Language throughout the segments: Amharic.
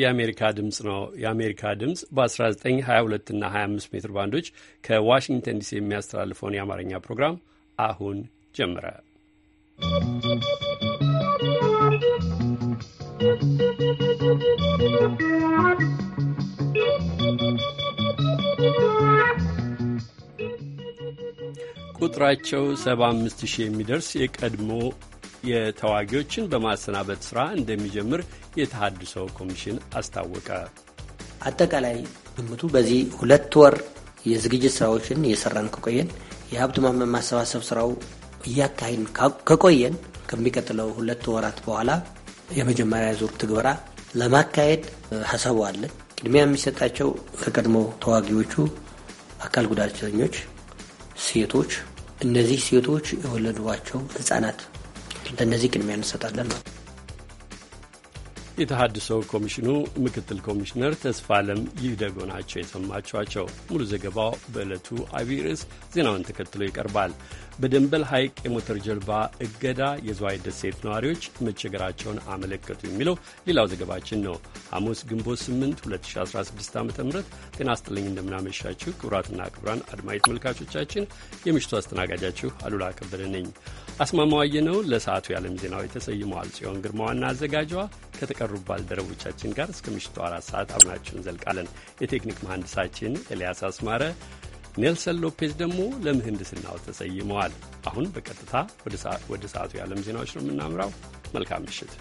የአሜሪካ ድምፅ ነው። የአሜሪካ ድምፅ በ1922 እና 25 ሜትር ባንዶች ከዋሽንግተን ዲሲ የሚያስተላልፈውን የአማርኛ ፕሮግራም አሁን ጀመረ። ቁጥራቸው 75 ሺህ የሚደርስ የቀድሞ የተዋጊዎችን በማሰናበት ሥራ እንደሚጀምር የተሃድሶ ኮሚሽን አስታወቀ። አጠቃላይ ግምቱ በዚህ ሁለት ወር የዝግጅት ስራዎችን እየሰራን ከቆየን የሀብት ማሰባሰብ ስራው እያካሄድን ከቆየን ከሚቀጥለው ሁለት ወራት በኋላ የመጀመሪያ ዙር ትግበራ ለማካሄድ ሀሳቡ አለን። ቅድሚያ የሚሰጣቸው ከቀድሞ ተዋጊዎቹ አካል ጉዳተኞች፣ ሴቶች፣ እነዚህ ሴቶች የወለዷቸው ህጻናት ለእነዚህ ቅድሚያ እንሰጣለን ነው። የተሃድሶ ኮሚሽኑ ምክትል ኮሚሽነር ተስፋ አለም ይህ ደጎ ናቸው የሰማችኋቸው። ሙሉ ዘገባው በዕለቱ አብይ ርዕስ ዜናውን ተከትሎ ይቀርባል። በደንበል ሐይቅ የሞተር ጀልባ እገዳ የዝዋይ ደሴት ነዋሪዎች መቸገራቸውን አመለከቱ የሚለው ሌላው ዘገባችን ነው። ሐሙስ ግንቦት 8 2016 ዓ ም ጤና ይስጥልኝ እንደምናመሻችሁ ክቡራትና ክቡራን አድማጭ ተመልካቾቻችን የምሽቱ አስተናጋጃችሁ አሉላ ከበደ ነኝ። አስማማዋዬ ነው ለሰዓቱ የዓለም ዜናዎች ተሰይመዋል። ጽዮን ግርማዋና አዘጋጅዋ አዘጋጇ ከተቀሩ ባልደረቦቻችን ጋር እስከ ምሽቱ አራት ሰዓት አብናችሁን ዘልቃለን። የቴክኒክ መሐንዲሳችን ኤልያስ አስማረ፣ ኔልሰን ሎፔዝ ደግሞ ለምህንድስናው ተሰይመዋል። አሁን በቀጥታ ወደ ሰዓቱ የዓለም ዜናዎች ነው የምናምራው። መልካም ምሽት።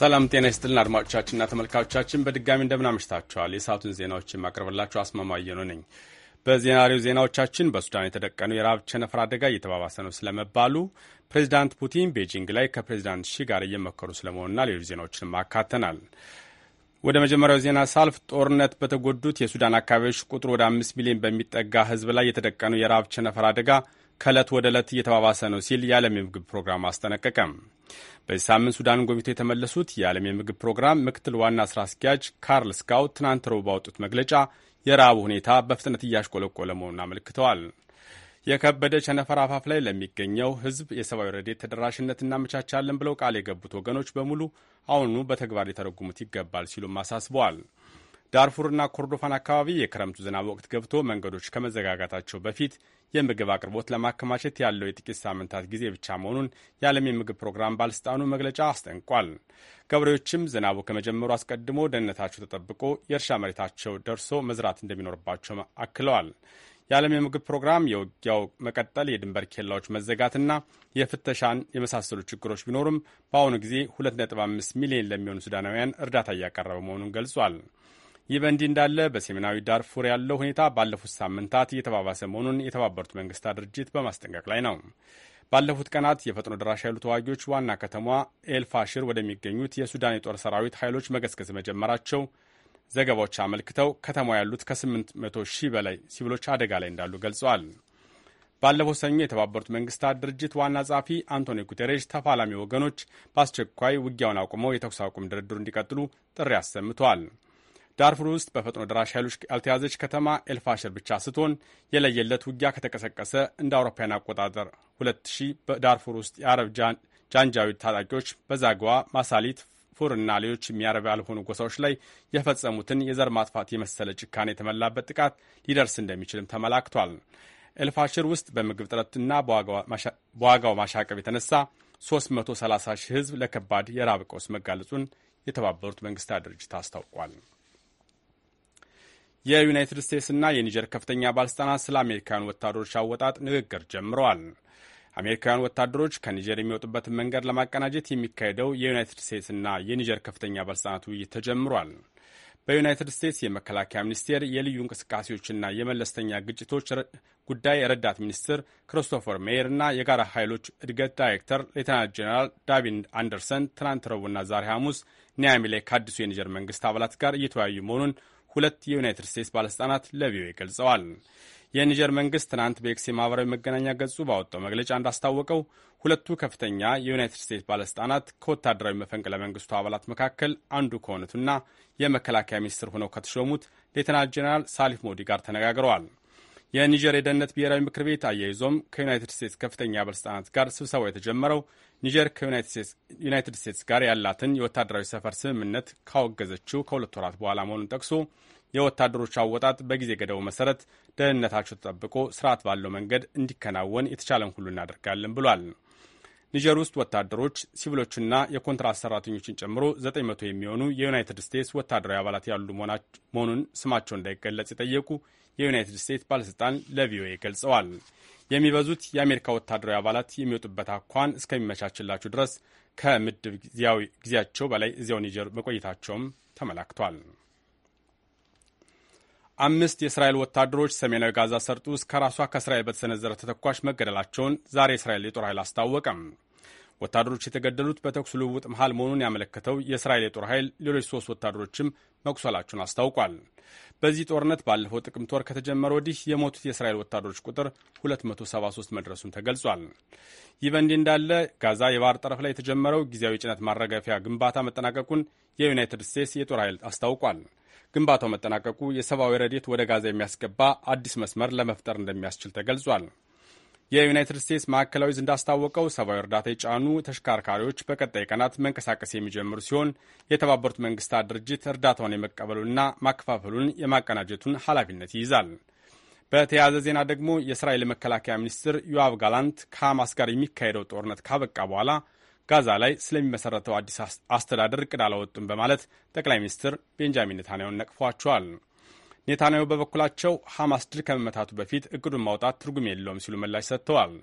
ሰላም ጤና ይስጥልን አድማጮቻችንና ተመልካቾቻችን በድጋሚ እንደምናመሽታችኋል። የሰዓቱን ዜናዎች የማቀርብላችሁ አስማማየ ነኝ። በዜናሪው ዜናዎቻችን በሱዳን የተደቀነው የረሃብ ቸነፈር አደጋ እየተባባሰ ነው ስለመባሉ፣ ፕሬዚዳንት ፑቲን ቤጂንግ ላይ ከፕሬዚዳንት ሺ ጋር እየመከሩ ስለመሆኑና ሌሎች ዜናዎችን ማካተናል። ወደ መጀመሪያው ዜና ሳልፍ ጦርነት በተጎዱት የሱዳን አካባቢዎች ቁጥር ወደ አምስት ሚሊዮን በሚጠጋ ህዝብ ላይ የተደቀነው የረሃብ ቸነፈር አደጋ ከእለት ወደ ዕለት እየተባባሰ ነው ሲል የዓለም የምግብ ፕሮግራም አስጠነቀቀም። በዚህ ሳምንት ሱዳንን ጎብኝቶ የተመለሱት የዓለም የምግብ ፕሮግራም ምክትል ዋና ስራ አስኪያጅ ካርል ስካው ትናንት ረቡዕ ባወጡት መግለጫ የረሃብ ሁኔታ በፍጥነት እያሽቆለቆለ መሆኑን አመልክተዋል። የከበደ ቸነፈር አፋፍ ላይ ለሚገኘው ህዝብ የሰብአዊ ረዴት ተደራሽነት እናመቻቻለን ብለው ቃል የገቡት ወገኖች በሙሉ አሁኑ በተግባር ሊተረጉሙት ይገባል ሲሉም አሳስበዋል። ዳርፉርና ኮርዶፋን አካባቢ የክረምቱ ዝናብ ወቅት ገብቶ መንገዶች ከመዘጋጋታቸው በፊት የምግብ አቅርቦት ለማከማቸት ያለው የጥቂት ሳምንታት ጊዜ ብቻ መሆኑን የዓለም የምግብ ፕሮግራም ባለሥልጣኑ መግለጫ አስጠንቋል። ገበሬዎችም ዝናቡ ከመጀመሩ አስቀድሞ ደህንነታቸው ተጠብቆ የእርሻ መሬታቸው ደርሶ መዝራት እንደሚኖርባቸው አክለዋል። የዓለም የምግብ ፕሮግራም የውጊያው መቀጠል፣ የድንበር ኬላዎች መዘጋትና የፍተሻን የመሳሰሉ ችግሮች ቢኖሩም በአሁኑ ጊዜ 2.5 ሚሊዮን ለሚሆኑ ሱዳናውያን እርዳታ እያቀረበ መሆኑን ገልጿል። ይህ በእንዲህ እንዳለ በሰሜናዊ ዳርፉር ያለው ሁኔታ ባለፉት ሳምንታት እየተባባሰ መሆኑን የተባበሩት መንግስታት ድርጅት በማስጠንቀቅ ላይ ነው። ባለፉት ቀናት የፈጥኖ ደራሽ ኃይሉ ተዋጊዎች ዋና ከተማ ኤልፋሽር ወደሚገኙት የሱዳን የጦር ሰራዊት ኃይሎች መገስገስ መጀመራቸው ዘገባዎች አመልክተው ከተማ ያሉት ከ800 ሺህ በላይ ሲቪሎች አደጋ ላይ እንዳሉ ገልጸዋል። ባለፈው ሰኞ የተባበሩት መንግስታት ድርጅት ዋና ጸሐፊ አንቶኒዮ ጉቴሬሽ ተፋላሚ ወገኖች በአስቸኳይ ውጊያውን አቁመው የተኩስ አቁም ድርድሩ እንዲቀጥሉ ጥሪ አሰምተዋል። ዳርፉር ውስጥ በፈጥኖ ደራሽ ኃይሎች ያልተያዘች ከተማ ኤልፋሽር ብቻ ስትሆን የለየለት ውጊያ ከተቀሰቀሰ እንደ አውሮፓውያን አቆጣጠር 2000 በዳርፉር ውስጥ የአረብ ጃንጃዊድ ታጣቂዎች በዛግዋ፣ ማሳሊት፣ ፉርና ሌሎች የሚያረብ ያልሆኑ ጎሳዎች ላይ የፈጸሙትን የዘር ማጥፋት የመሰለ ጭካኔ የተሞላበት ጥቃት ሊደርስ እንደሚችልም ተመላክቷል። ኤልፋሽር ውስጥ በምግብ ጥረትና በዋጋው ማሻቀብ የተነሳ 330 ሺህ ሕዝብ ለከባድ የራብ ቀውስ መጋለጹን የተባበሩት መንግስታት ድርጅት አስታውቋል። የዩናይትድ ስቴትስና የኒጀር ከፍተኛ ባለሥልጣናት ስለ አሜሪካውያን ወታደሮች አወጣጥ ንግግር ጀምረዋል። አሜሪካውያን ወታደሮች ከኒጀር የሚወጡበትን መንገድ ለማቀናጀት የሚካሄደው የዩናይትድ ስቴትስና የኒጀር ከፍተኛ ባለሥልጣናት ውይይት ተጀምሯል። በዩናይትድ ስቴትስ የመከላከያ ሚኒስቴር የልዩ እንቅስቃሴዎችና የመለስተኛ ግጭቶች ጉዳይ ረዳት ሚኒስትር ክሪስቶፈር ሜየር እና የጋራ ኃይሎች እድገት ዳይሬክተር ሌተናንት ጄኔራል ዳቪን አንደርሰን ትናንት ረቡዕና ዛሬ ሐሙስ ኒያሚ ላይ ከአዲሱ የኒጀር መንግስት አባላት ጋር እየተወያዩ መሆኑን ሁለት የዩናይትድ ስቴትስ ባለሥልጣናት ለቪኦኤ ገልጸዋል። የኒጀር መንግሥት ትናንት በኤክስ የማኅበራዊ መገናኛ ገጹ ባወጣው መግለጫ እንዳስታወቀው ሁለቱ ከፍተኛ የዩናይትድ ስቴትስ ባለሥልጣናት ከወታደራዊ መፈንቅለ መንግሥቱ አባላት መካከል አንዱ ከሆኑትና የመከላከያ ሚኒስትር ሆነው ከተሾሙት ሌተናል ጄኔራል ሳሊፍ ሞዲ ጋር ተነጋግረዋል። የኒጀር የደህንነት ብሔራዊ ምክር ቤት አያይዞም ከዩናይትድ ስቴትስ ከፍተኛ ባለሥልጣናት ጋር ስብሰባው የተጀመረው ኒጀር ከዩናይትድ ስቴትስ ጋር ያላትን የወታደራዊ ሰፈር ስምምነት ካወገዘችው ከሁለት ወራት በኋላ መሆኑን ጠቅሶ የወታደሮቹ አወጣጥ በጊዜ ገደቡ መሰረት ደህንነታቸው ተጠብቆ ስርዓት ባለው መንገድ እንዲከናወን የተቻለን ሁሉ እናደርጋለን ብሏል። ኒጀር ውስጥ ወታደሮች፣ ሲቪሎችና የኮንትራት ሰራተኞችን ጨምሮ 900 የሚሆኑ የዩናይትድ ስቴትስ ወታደራዊ አባላት ያሉ መሆኑን ስማቸው እንዳይገለጽ የጠየቁ የዩናይትድ ስቴትስ ባለሥልጣን ለቪኦኤ ገልጸዋል። የሚበዙት የአሜሪካ ወታደራዊ አባላት የሚወጡበት አኳን እስከሚመቻችላቸው ድረስ ከምድብ ጊዜያቸው በላይ እዚያው ኒጀር መቆየታቸውም ተመላክቷል። አምስት የእስራኤል ወታደሮች ሰሜናዊ ጋዛ ሰርጥ ውስጥ ከራሷ ከእስራኤል በተሰነዘረ ተተኳሽ መገደላቸውን ዛሬ እስራኤል የጦር ኃይል አስታወቀም። ወታደሮች የተገደሉት በተኩስ ልውውጥ መሃል መሆኑን ያመለከተው የእስራኤል የጦር ኃይል ሌሎች ሶስት ወታደሮችም መቁሰላቸውን አስታውቋል። በዚህ ጦርነት ባለፈው ጥቅምት ወር ከተጀመረ ወዲህ የሞቱት የእስራኤል ወታደሮች ቁጥር 273 መድረሱን ተገልጿል። ይህ በእንዲህ እንዳለ ጋዛ የባህር ጠረፍ ላይ የተጀመረው ጊዜያዊ ጭነት ማረጋፊያ ግንባታ መጠናቀቁን የዩናይትድ ስቴትስ የጦር ኃይል አስታውቋል። ግንባታው መጠናቀቁ የሰብአዊ ረድኤት ወደ ጋዛ የሚያስገባ አዲስ መስመር ለመፍጠር እንደሚያስችል ተገልጿል። የዩናይትድ ስቴትስ ማዕከላዊ ዕዝ እንዳስታወቀው ሰብአዊ እርዳታ የጫኑ ተሽከርካሪዎች በቀጣይ ቀናት መንቀሳቀስ የሚጀምሩ ሲሆን የተባበሩት መንግስታት ድርጅት እርዳታውን የመቀበሉንና ማከፋፈሉን የማቀናጀቱን ኃላፊነት ይይዛል። በተያያዘ ዜና ደግሞ የእስራኤል መከላከያ ሚኒስትር ዮአቭ ጋላንት ከሐማስ ጋር የሚካሄደው ጦርነት ካበቃ በኋላ ጋዛ ላይ ስለሚመሰረተው አዲስ አስተዳደር እቅድ አላወጡም በማለት ጠቅላይ ሚኒስትር ቤንጃሚን ኔታንያሁን ነቅፏቸዋል። ኔታንያሁ በበኩላቸው ሐማስ ድል ከመመታቱ በፊት እቅዱን ማውጣት ትርጉም የለውም ሲሉ ምላሽ ሰጥተዋል።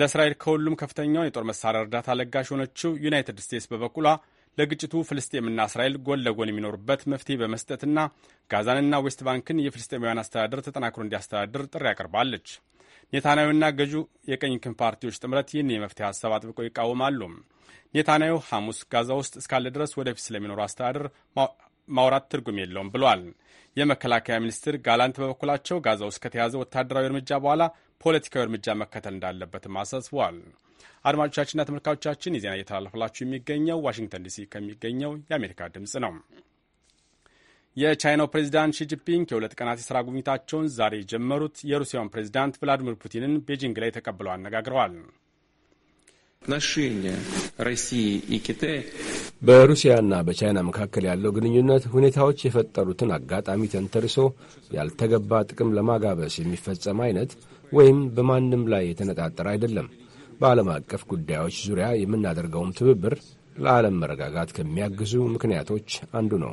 ለእስራኤል ከሁሉም ከፍተኛውን የጦር መሳሪያ እርዳታ ለጋሽ የሆነችው ዩናይትድ ስቴትስ በበኩሏ ለግጭቱ ፍልስጤምና እስራኤል ጎን ለጎን የሚኖሩበት መፍትሄ በመስጠትና ጋዛንና ዌስት ባንክን የፍልስጤማውያን አስተዳደር ተጠናክሮ እንዲያስተዳድር ጥሪ አቅርባለች። ኔታንያሁና ገዢው የቀኝ ክንፍ ፓርቲዎች ጥምረት ይህን የመፍትሄ ሀሳብ አጥብቀው ይቃወማሉ። ኔታንያሁ ሐሙስ ጋዛ ውስጥ እስካለ ድረስ ወደፊት ስለሚኖሩ አስተዳደር ማውራት ትርጉም የለውም ብሏል። የመከላከያ ሚኒስትር ጋላንት በበኩላቸው ጋዛ ውስጥ ከተያዘ ወታደራዊ እርምጃ በኋላ ፖለቲካዊ እርምጃ መከተል እንዳለበትም አሳስበዋል። አድማጮቻችንና ተመልካቾቻችን የዜና እየተላለፈላችሁ የሚገኘው ዋሽንግተን ዲሲ ከሚገኘው የአሜሪካ ድምፅ ነው። የቻይናው ፕሬዚዳንት ሺጂፒንግ የሁለት ቀናት የሥራ ጉብኝታቸውን ዛሬ የጀመሩት የሩሲያውን ፕሬዚዳንት ቭላዲሚር ፑቲንን ቤጂንግ ላይ ተቀብለው አነጋግረዋል። በሩሲያና በቻይና መካከል ያለው ግንኙነት ሁኔታዎች የፈጠሩትን አጋጣሚ ተንተርሶ ያልተገባ ጥቅም ለማጋበስ የሚፈጸም አይነት ወይም በማንም ላይ የተነጣጠረ አይደለም። በዓለም አቀፍ ጉዳዮች ዙሪያ የምናደርገውም ትብብር ለዓለም መረጋጋት ከሚያግዙ ምክንያቶች አንዱ ነው።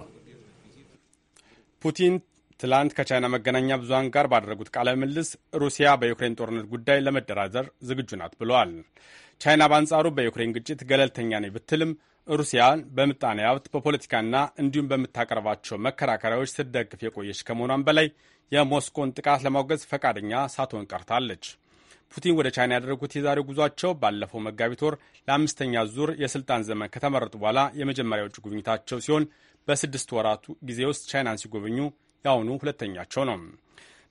ፑቲን ትላንት ከቻይና መገናኛ ብዙሃን ጋር ባደረጉት ቃለ ምልልስ ሩሲያ በዩክሬን ጦርነት ጉዳይ ለመደራደር ዝግጁ ናት ብለዋል። ቻይና በአንጻሩ በዩክሬን ግጭት ገለልተኛ ነኝ ብትልም ሩሲያን በምጣኔ ሀብት በፖለቲካና እንዲሁም በምታቀርባቸው መከራከሪያዎች ስትደግፍ የቆየች ከመሆኗን በላይ የሞስኮን ጥቃት ለማውገዝ ፈቃደኛ ሳትሆን ቀርታለች። ፑቲን ወደ ቻይና ያደረጉት የዛሬ ጉዟቸው ባለፈው መጋቢት ወር ለአምስተኛ ዙር የስልጣን ዘመን ከተመረጡ በኋላ የመጀመሪያ ውጭ ጉብኝታቸው ሲሆን በስድስት ወራቱ ጊዜ ውስጥ ቻይናን ሲጎበኙ የአሁኑ ሁለተኛቸው ነው።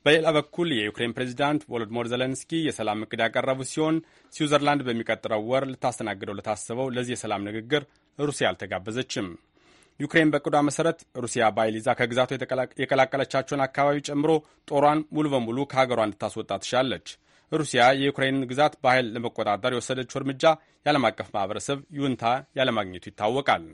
በሌላ በኩል የዩክሬን ፕሬዚዳንት ቮሎዲሞር ዘለንስኪ የሰላም እቅድ ያቀረቡ ሲሆን ስዊዘርላንድ በሚቀጥለው ወር ልታስተናግደው ለታሰበው ለዚህ የሰላም ንግግር ሩሲያ አልተጋበዘችም። ዩክሬን በቅዷ መሰረት ሩሲያ በኃይል ይዛ ከግዛቱ የቀላቀለቻቸውን አካባቢ ጨምሮ ጦሯን ሙሉ በሙሉ ከሀገሯ እንድታስወጣ ትሻለች። ሩሲያ የዩክሬንን ግዛት በኃይል ለመቆጣጠር የወሰደችው እርምጃ የዓለም አቀፍ ማህበረሰብ ይሁንታ ያለማግኘቱ ይታወቃል።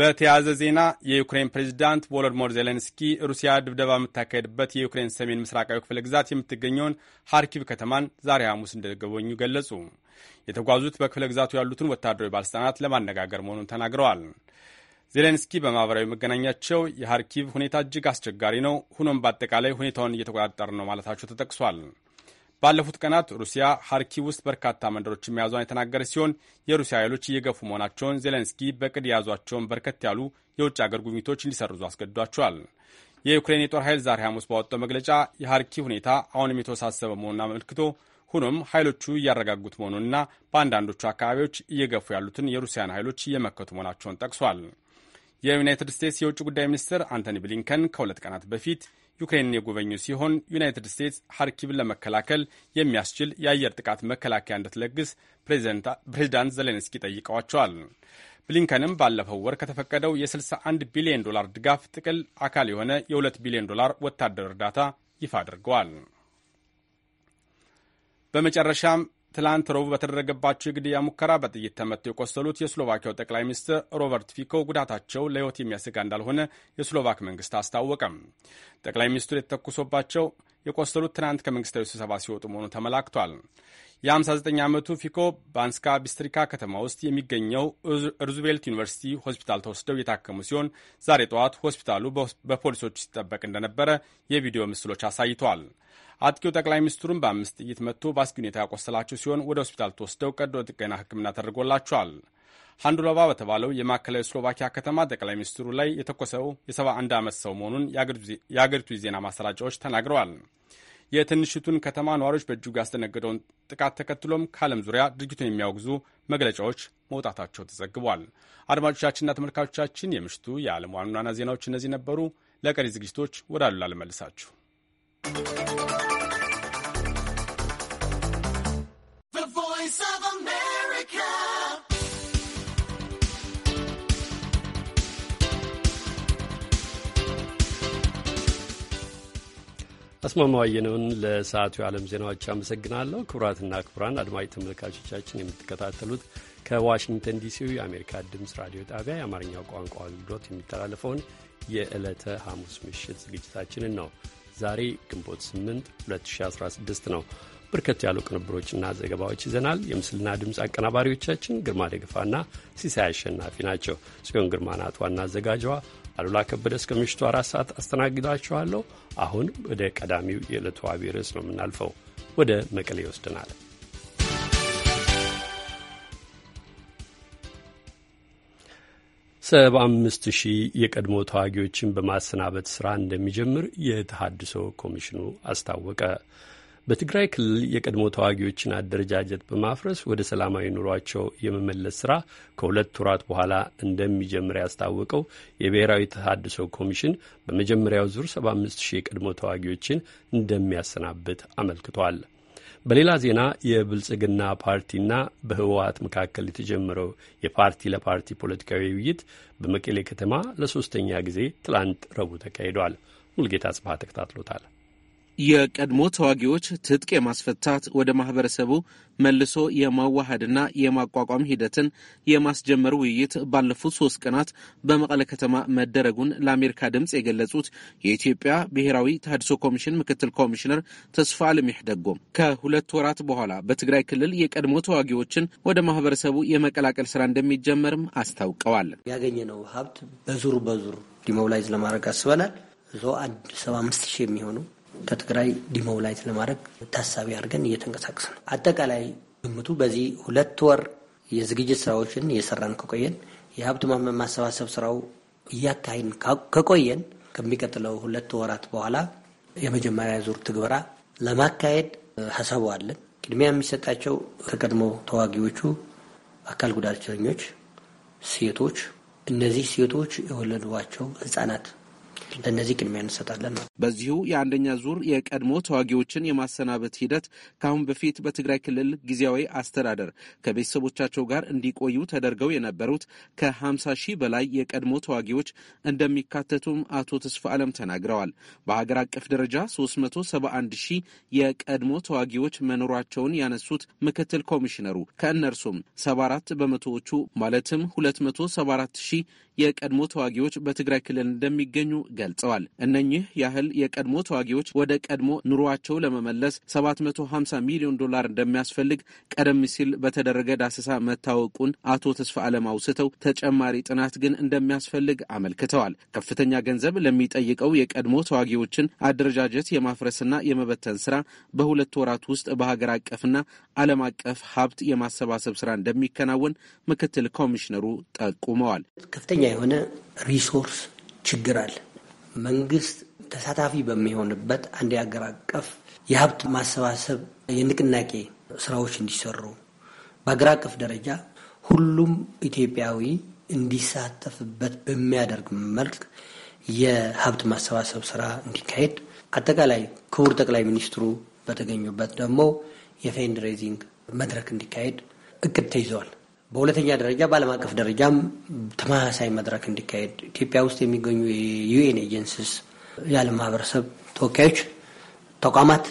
በተያያዘ ዜና የዩክሬን ፕሬዚዳንት ቮሎዲሞር ዜሌንስኪ ሩሲያ ድብደባ የምታካሄድበት የዩክሬን ሰሜን ምስራቃዊ ክፍለ ግዛት የምትገኘውን ሀርኪቭ ከተማን ዛሬ ሐሙስ እንደጎበኙ ገለጹ። የተጓዙት በክፍለ ግዛቱ ያሉትን ወታደራዊ ባለሥልጣናት ለማነጋገር መሆኑን ተናግረዋል። ዜሌንስኪ በማኅበራዊ መገናኛቸው የሀርኪቭ ሁኔታ እጅግ አስቸጋሪ ነው፣ ሆኖም በአጠቃላይ ሁኔታውን እየተቆጣጠር ነው ማለታቸው ተጠቅሷል። ባለፉት ቀናት ሩሲያ ሀርኪ ውስጥ በርካታ መንደሮችን መያዟን የተናገረ ሲሆን የሩሲያ ኃይሎች እየገፉ መሆናቸውን ዜሌንስኪ በቅድ የያዟቸውን በርከት ያሉ የውጭ አገር ጉብኝቶች እንዲሰርዙ አስገድዷቸዋል። የዩክሬን የጦር ኃይል ዛሬ ሐሙስ ባወጣው መግለጫ የሀርኪ ሁኔታ አሁንም የተወሳሰበ መሆኑን አመልክቶ ሆኖም ኃይሎቹ እያረጋጉት መሆኑንና በአንዳንዶቹ አካባቢዎች እየገፉ ያሉትን የሩሲያን ኃይሎች እየመከቱ መሆናቸውን ጠቅሷል። የዩናይትድ ስቴትስ የውጭ ጉዳይ ሚኒስትር አንቶኒ ብሊንከን ከሁለት ቀናት በፊት ዩክሬንን የጎበኙ ሲሆን ዩናይትድ ስቴትስ ሀርኪብን ለመከላከል የሚያስችል የአየር ጥቃት መከላከያ እንድትለግስ ፕሬዚዳንት ዘሌንስኪ ጠይቀዋቸዋል። ብሊንከንም ባለፈው ወር ከተፈቀደው የ61 ቢሊዮን ዶላር ድጋፍ ጥቅል አካል የሆነ የ2 ቢሊዮን ዶላር ወታደር እርዳታ ይፋ አድርገዋል። በመጨረሻም ትላንት ረቡዕ በተደረገባቸው የግድያ ሙከራ በጥይት ተመተው የቆሰሉት የስሎቫኪያው ጠቅላይ ሚኒስትር ሮበርት ፊኮ ጉዳታቸው ለሕይወት የሚያሰጋ እንዳልሆነ የስሎቫክ መንግስት አስታወቀም። ጠቅላይ ሚኒስትሩ የተተኩሶባቸው የቆሰሉት ትናንት ከመንግስታዊ ስብሰባ ሲወጡ መሆኑ ተመላክቷል። የ59 ዓመቱ ፊኮ በአንስካ ቢስትሪካ ከተማ ውስጥ የሚገኘው ሩዝቬልት ዩኒቨርሲቲ ሆስፒታል ተወስደው የታከሙ ሲሆን ዛሬ ጠዋት ሆስፒታሉ በፖሊሶች ሲጠበቅ እንደነበረ የቪዲዮ ምስሎች አሳይተዋል። አጥቂው ጠቅላይ ሚኒስትሩን በአምስት ጥይት መጥቶ በአስጊ ሁኔታ ያቆሰላቸው ሲሆን ወደ ሆስፒታል ተወስደው ቀዶ ጥገና ሕክምና ተደርጎላቸዋል። ሃንዱሎቫ በተባለው የማዕከላዊ ስሎቫኪያ ከተማ ጠቅላይ ሚኒስትሩ ላይ የተኮሰው የ71 ዓመት ሰው መሆኑን የአገሪቱ የዜና ማሰራጫዎች ተናግረዋል። የትንሽቱን ከተማ ነዋሪዎች በእጅጉ ያስደነገጠውን ጥቃት ተከትሎም ከዓለም ዙሪያ ድርጊቱን የሚያወግዙ መግለጫዎች መውጣታቸው ተዘግቧል። አድማጮቻችንና ተመልካቾቻችን የምሽቱ የዓለም ዋና ዜናዎች እነዚህ ነበሩ። ለቀሪ ዝግጅቶች ወደ Thank you. አስማማው ለሰዓቱ የዓለም ዜናዎች አመሰግናለሁ። ክቡራትና ክቡራን አድማጭ ተመልካቾቻችን የምትከታተሉት ከዋሽንግተን ዲሲው የአሜሪካ ድምፅ ራዲዮ ጣቢያ የአማርኛው ቋንቋ አገልግሎት የሚተላለፈውን የዕለተ ሐሙስ ምሽት ዝግጅታችንን ነው። ዛሬ ግንቦት 8 2016 ነው። በርከት ያሉ ቅንብሮችና ዘገባዎች ይዘናል። የምስልና ድምፅ አቀናባሪዎቻችን ግርማ ደግፋና ሲሳይ አሸናፊ ናቸው። ጽዮን ግርማ ናት ዋና አዘጋጇ። አሉላ ከበደ እስከ ምሽቱ አራት ሰዓት አስተናግዳችኋለሁ። አሁን ወደ ቀዳሚው የዕለቱ አብይ ርዕስ ነው የምናልፈው። ወደ መቀሌ ይወስድናል። ሰባ አምስት ሺህ የቀድሞ ተዋጊዎችን በማሰናበት ሥራ እንደሚጀምር የተሃድሶ ኮሚሽኑ አስታወቀ። በትግራይ ክልል የቀድሞ ተዋጊዎችን አደረጃጀት በማፍረስ ወደ ሰላማዊ ኑሯቸው የመመለስ ስራ ከሁለት ወራት በኋላ እንደሚጀምር ያስታወቀው የብሔራዊ ተሃድሶ ኮሚሽን በመጀመሪያው ዙር 75 ሺህ የቀድሞ ተዋጊዎችን እንደሚያሰናብት አመልክቷል። በሌላ ዜና የብልጽግና ፓርቲና በህወሀት መካከል የተጀመረው የፓርቲ ለፓርቲ ፖለቲካዊ ውይይት በመቀሌ ከተማ ለሶስተኛ ጊዜ ትላንት ረቡዕ ተካሂዷል። ሙልጌታ ጽባህ ተከታትሎታል። የቀድሞ ተዋጊዎች ትጥቅ የማስፈታት ወደ ማህበረሰቡ መልሶ የማዋሃድና የማቋቋም ሂደትን የማስጀመር ውይይት ባለፉት ሶስት ቀናት በመቀለ ከተማ መደረጉን ለአሜሪካ ድምፅ የገለጹት የኢትዮጵያ ብሔራዊ ተሃድሶ ኮሚሽን ምክትል ኮሚሽነር ተስፋ አለም ደጎም ከሁለት ወራት በኋላ በትግራይ ክልል የቀድሞ ተዋጊዎችን ወደ ማህበረሰቡ የመቀላቀል ስራ እንደሚጀመርም አስታውቀዋል። ያገኘነው ሀብት በዙር በዙር ዲሞብላይዝ ለማድረግ አስበናል። እዞ አንድ ሰባ አምስት ሺህ የሚሆኑ ከትግራይ ዲሞብላይት ለማድረግ ታሳቢ አድርገን እየተንቀሳቀስ ነው። አጠቃላይ ግምቱ በዚህ ሁለት ወር የዝግጅት ስራዎችን እየሰራን ከቆየን የሀብት ማሰባሰብ ስራው እያካሄድን ከቆየን ከሚቀጥለው ሁለት ወራት በኋላ የመጀመሪያ ዙር ትግበራ ለማካሄድ ሀሳቡ አለን። ቅድሚያ የሚሰጣቸው ከቀድሞ ተዋጊዎቹ አካል ጉዳተኞች፣ ሴቶች፣ እነዚህ ሴቶች የወለዷቸው ህጻናት ለእነዚህ ቅድሚያ እንሰጣለን። በዚሁ የአንደኛ ዙር የቀድሞ ተዋጊዎችን የማሰናበት ሂደት ከአሁን በፊት በትግራይ ክልል ጊዜያዊ አስተዳደር ከቤተሰቦቻቸው ጋር እንዲቆዩ ተደርገው የነበሩት ከ50 ሺህ በላይ የቀድሞ ተዋጊዎች እንደሚካተቱም አቶ ተስፋ ዓለም ተናግረዋል። በሀገር አቀፍ ደረጃ 371 ሺህ የቀድሞ ተዋጊዎች መኖራቸውን ያነሱት ምክትል ኮሚሽነሩ ከእነርሱም 74 በመቶዎቹ ማለትም 274 ሺህ የቀድሞ ተዋጊዎች በትግራይ ክልል እንደሚገኙ ገልጸዋል። እነኚህ ያህል የቀድሞ ተዋጊዎች ወደ ቀድሞ ኑሯቸው ለመመለስ 750 ሚሊዮን ዶላር እንደሚያስፈልግ ቀደም ሲል በተደረገ ዳሰሳ መታወቁን አቶ ተስፋ አለም አውስተው ተጨማሪ ጥናት ግን እንደሚያስፈልግ አመልክተዋል። ከፍተኛ ገንዘብ ለሚጠይቀው የቀድሞ ተዋጊዎችን አደረጃጀት የማፍረስና የመበተን ስራ በሁለት ወራት ውስጥ በሀገር አቀፍና ዓለም አቀፍ ሀብት የማሰባሰብ ስራ እንደሚከናወን ምክትል ኮሚሽነሩ ጠቁመዋል። ከፍተኛ የሆነ ሪሶርስ ችግር አለ። መንግስት ተሳታፊ በሚሆንበት አንድ የአገር አቀፍ የሀብት ማሰባሰብ የንቅናቄ ስራዎች እንዲሰሩ በአገር አቀፍ ደረጃ ሁሉም ኢትዮጵያዊ እንዲሳተፍበት በሚያደርግ መልክ የሀብት ማሰባሰብ ስራ እንዲካሄድ አጠቃላይ ክቡር ጠቅላይ ሚኒስትሩ በተገኙበት ደግሞ የፌንድ ሬዚንግ መድረክ እንዲካሄድ እቅድ ተይዘዋል። በሁለተኛ ደረጃ በዓለም አቀፍ ደረጃም ተመሳሳይ መድረክ እንዲካሄድ ኢትዮጵያ ውስጥ የሚገኙ የዩኤን ኤጀንሲስ የዓለም ማህበረሰብ ተወካዮች ተቋማት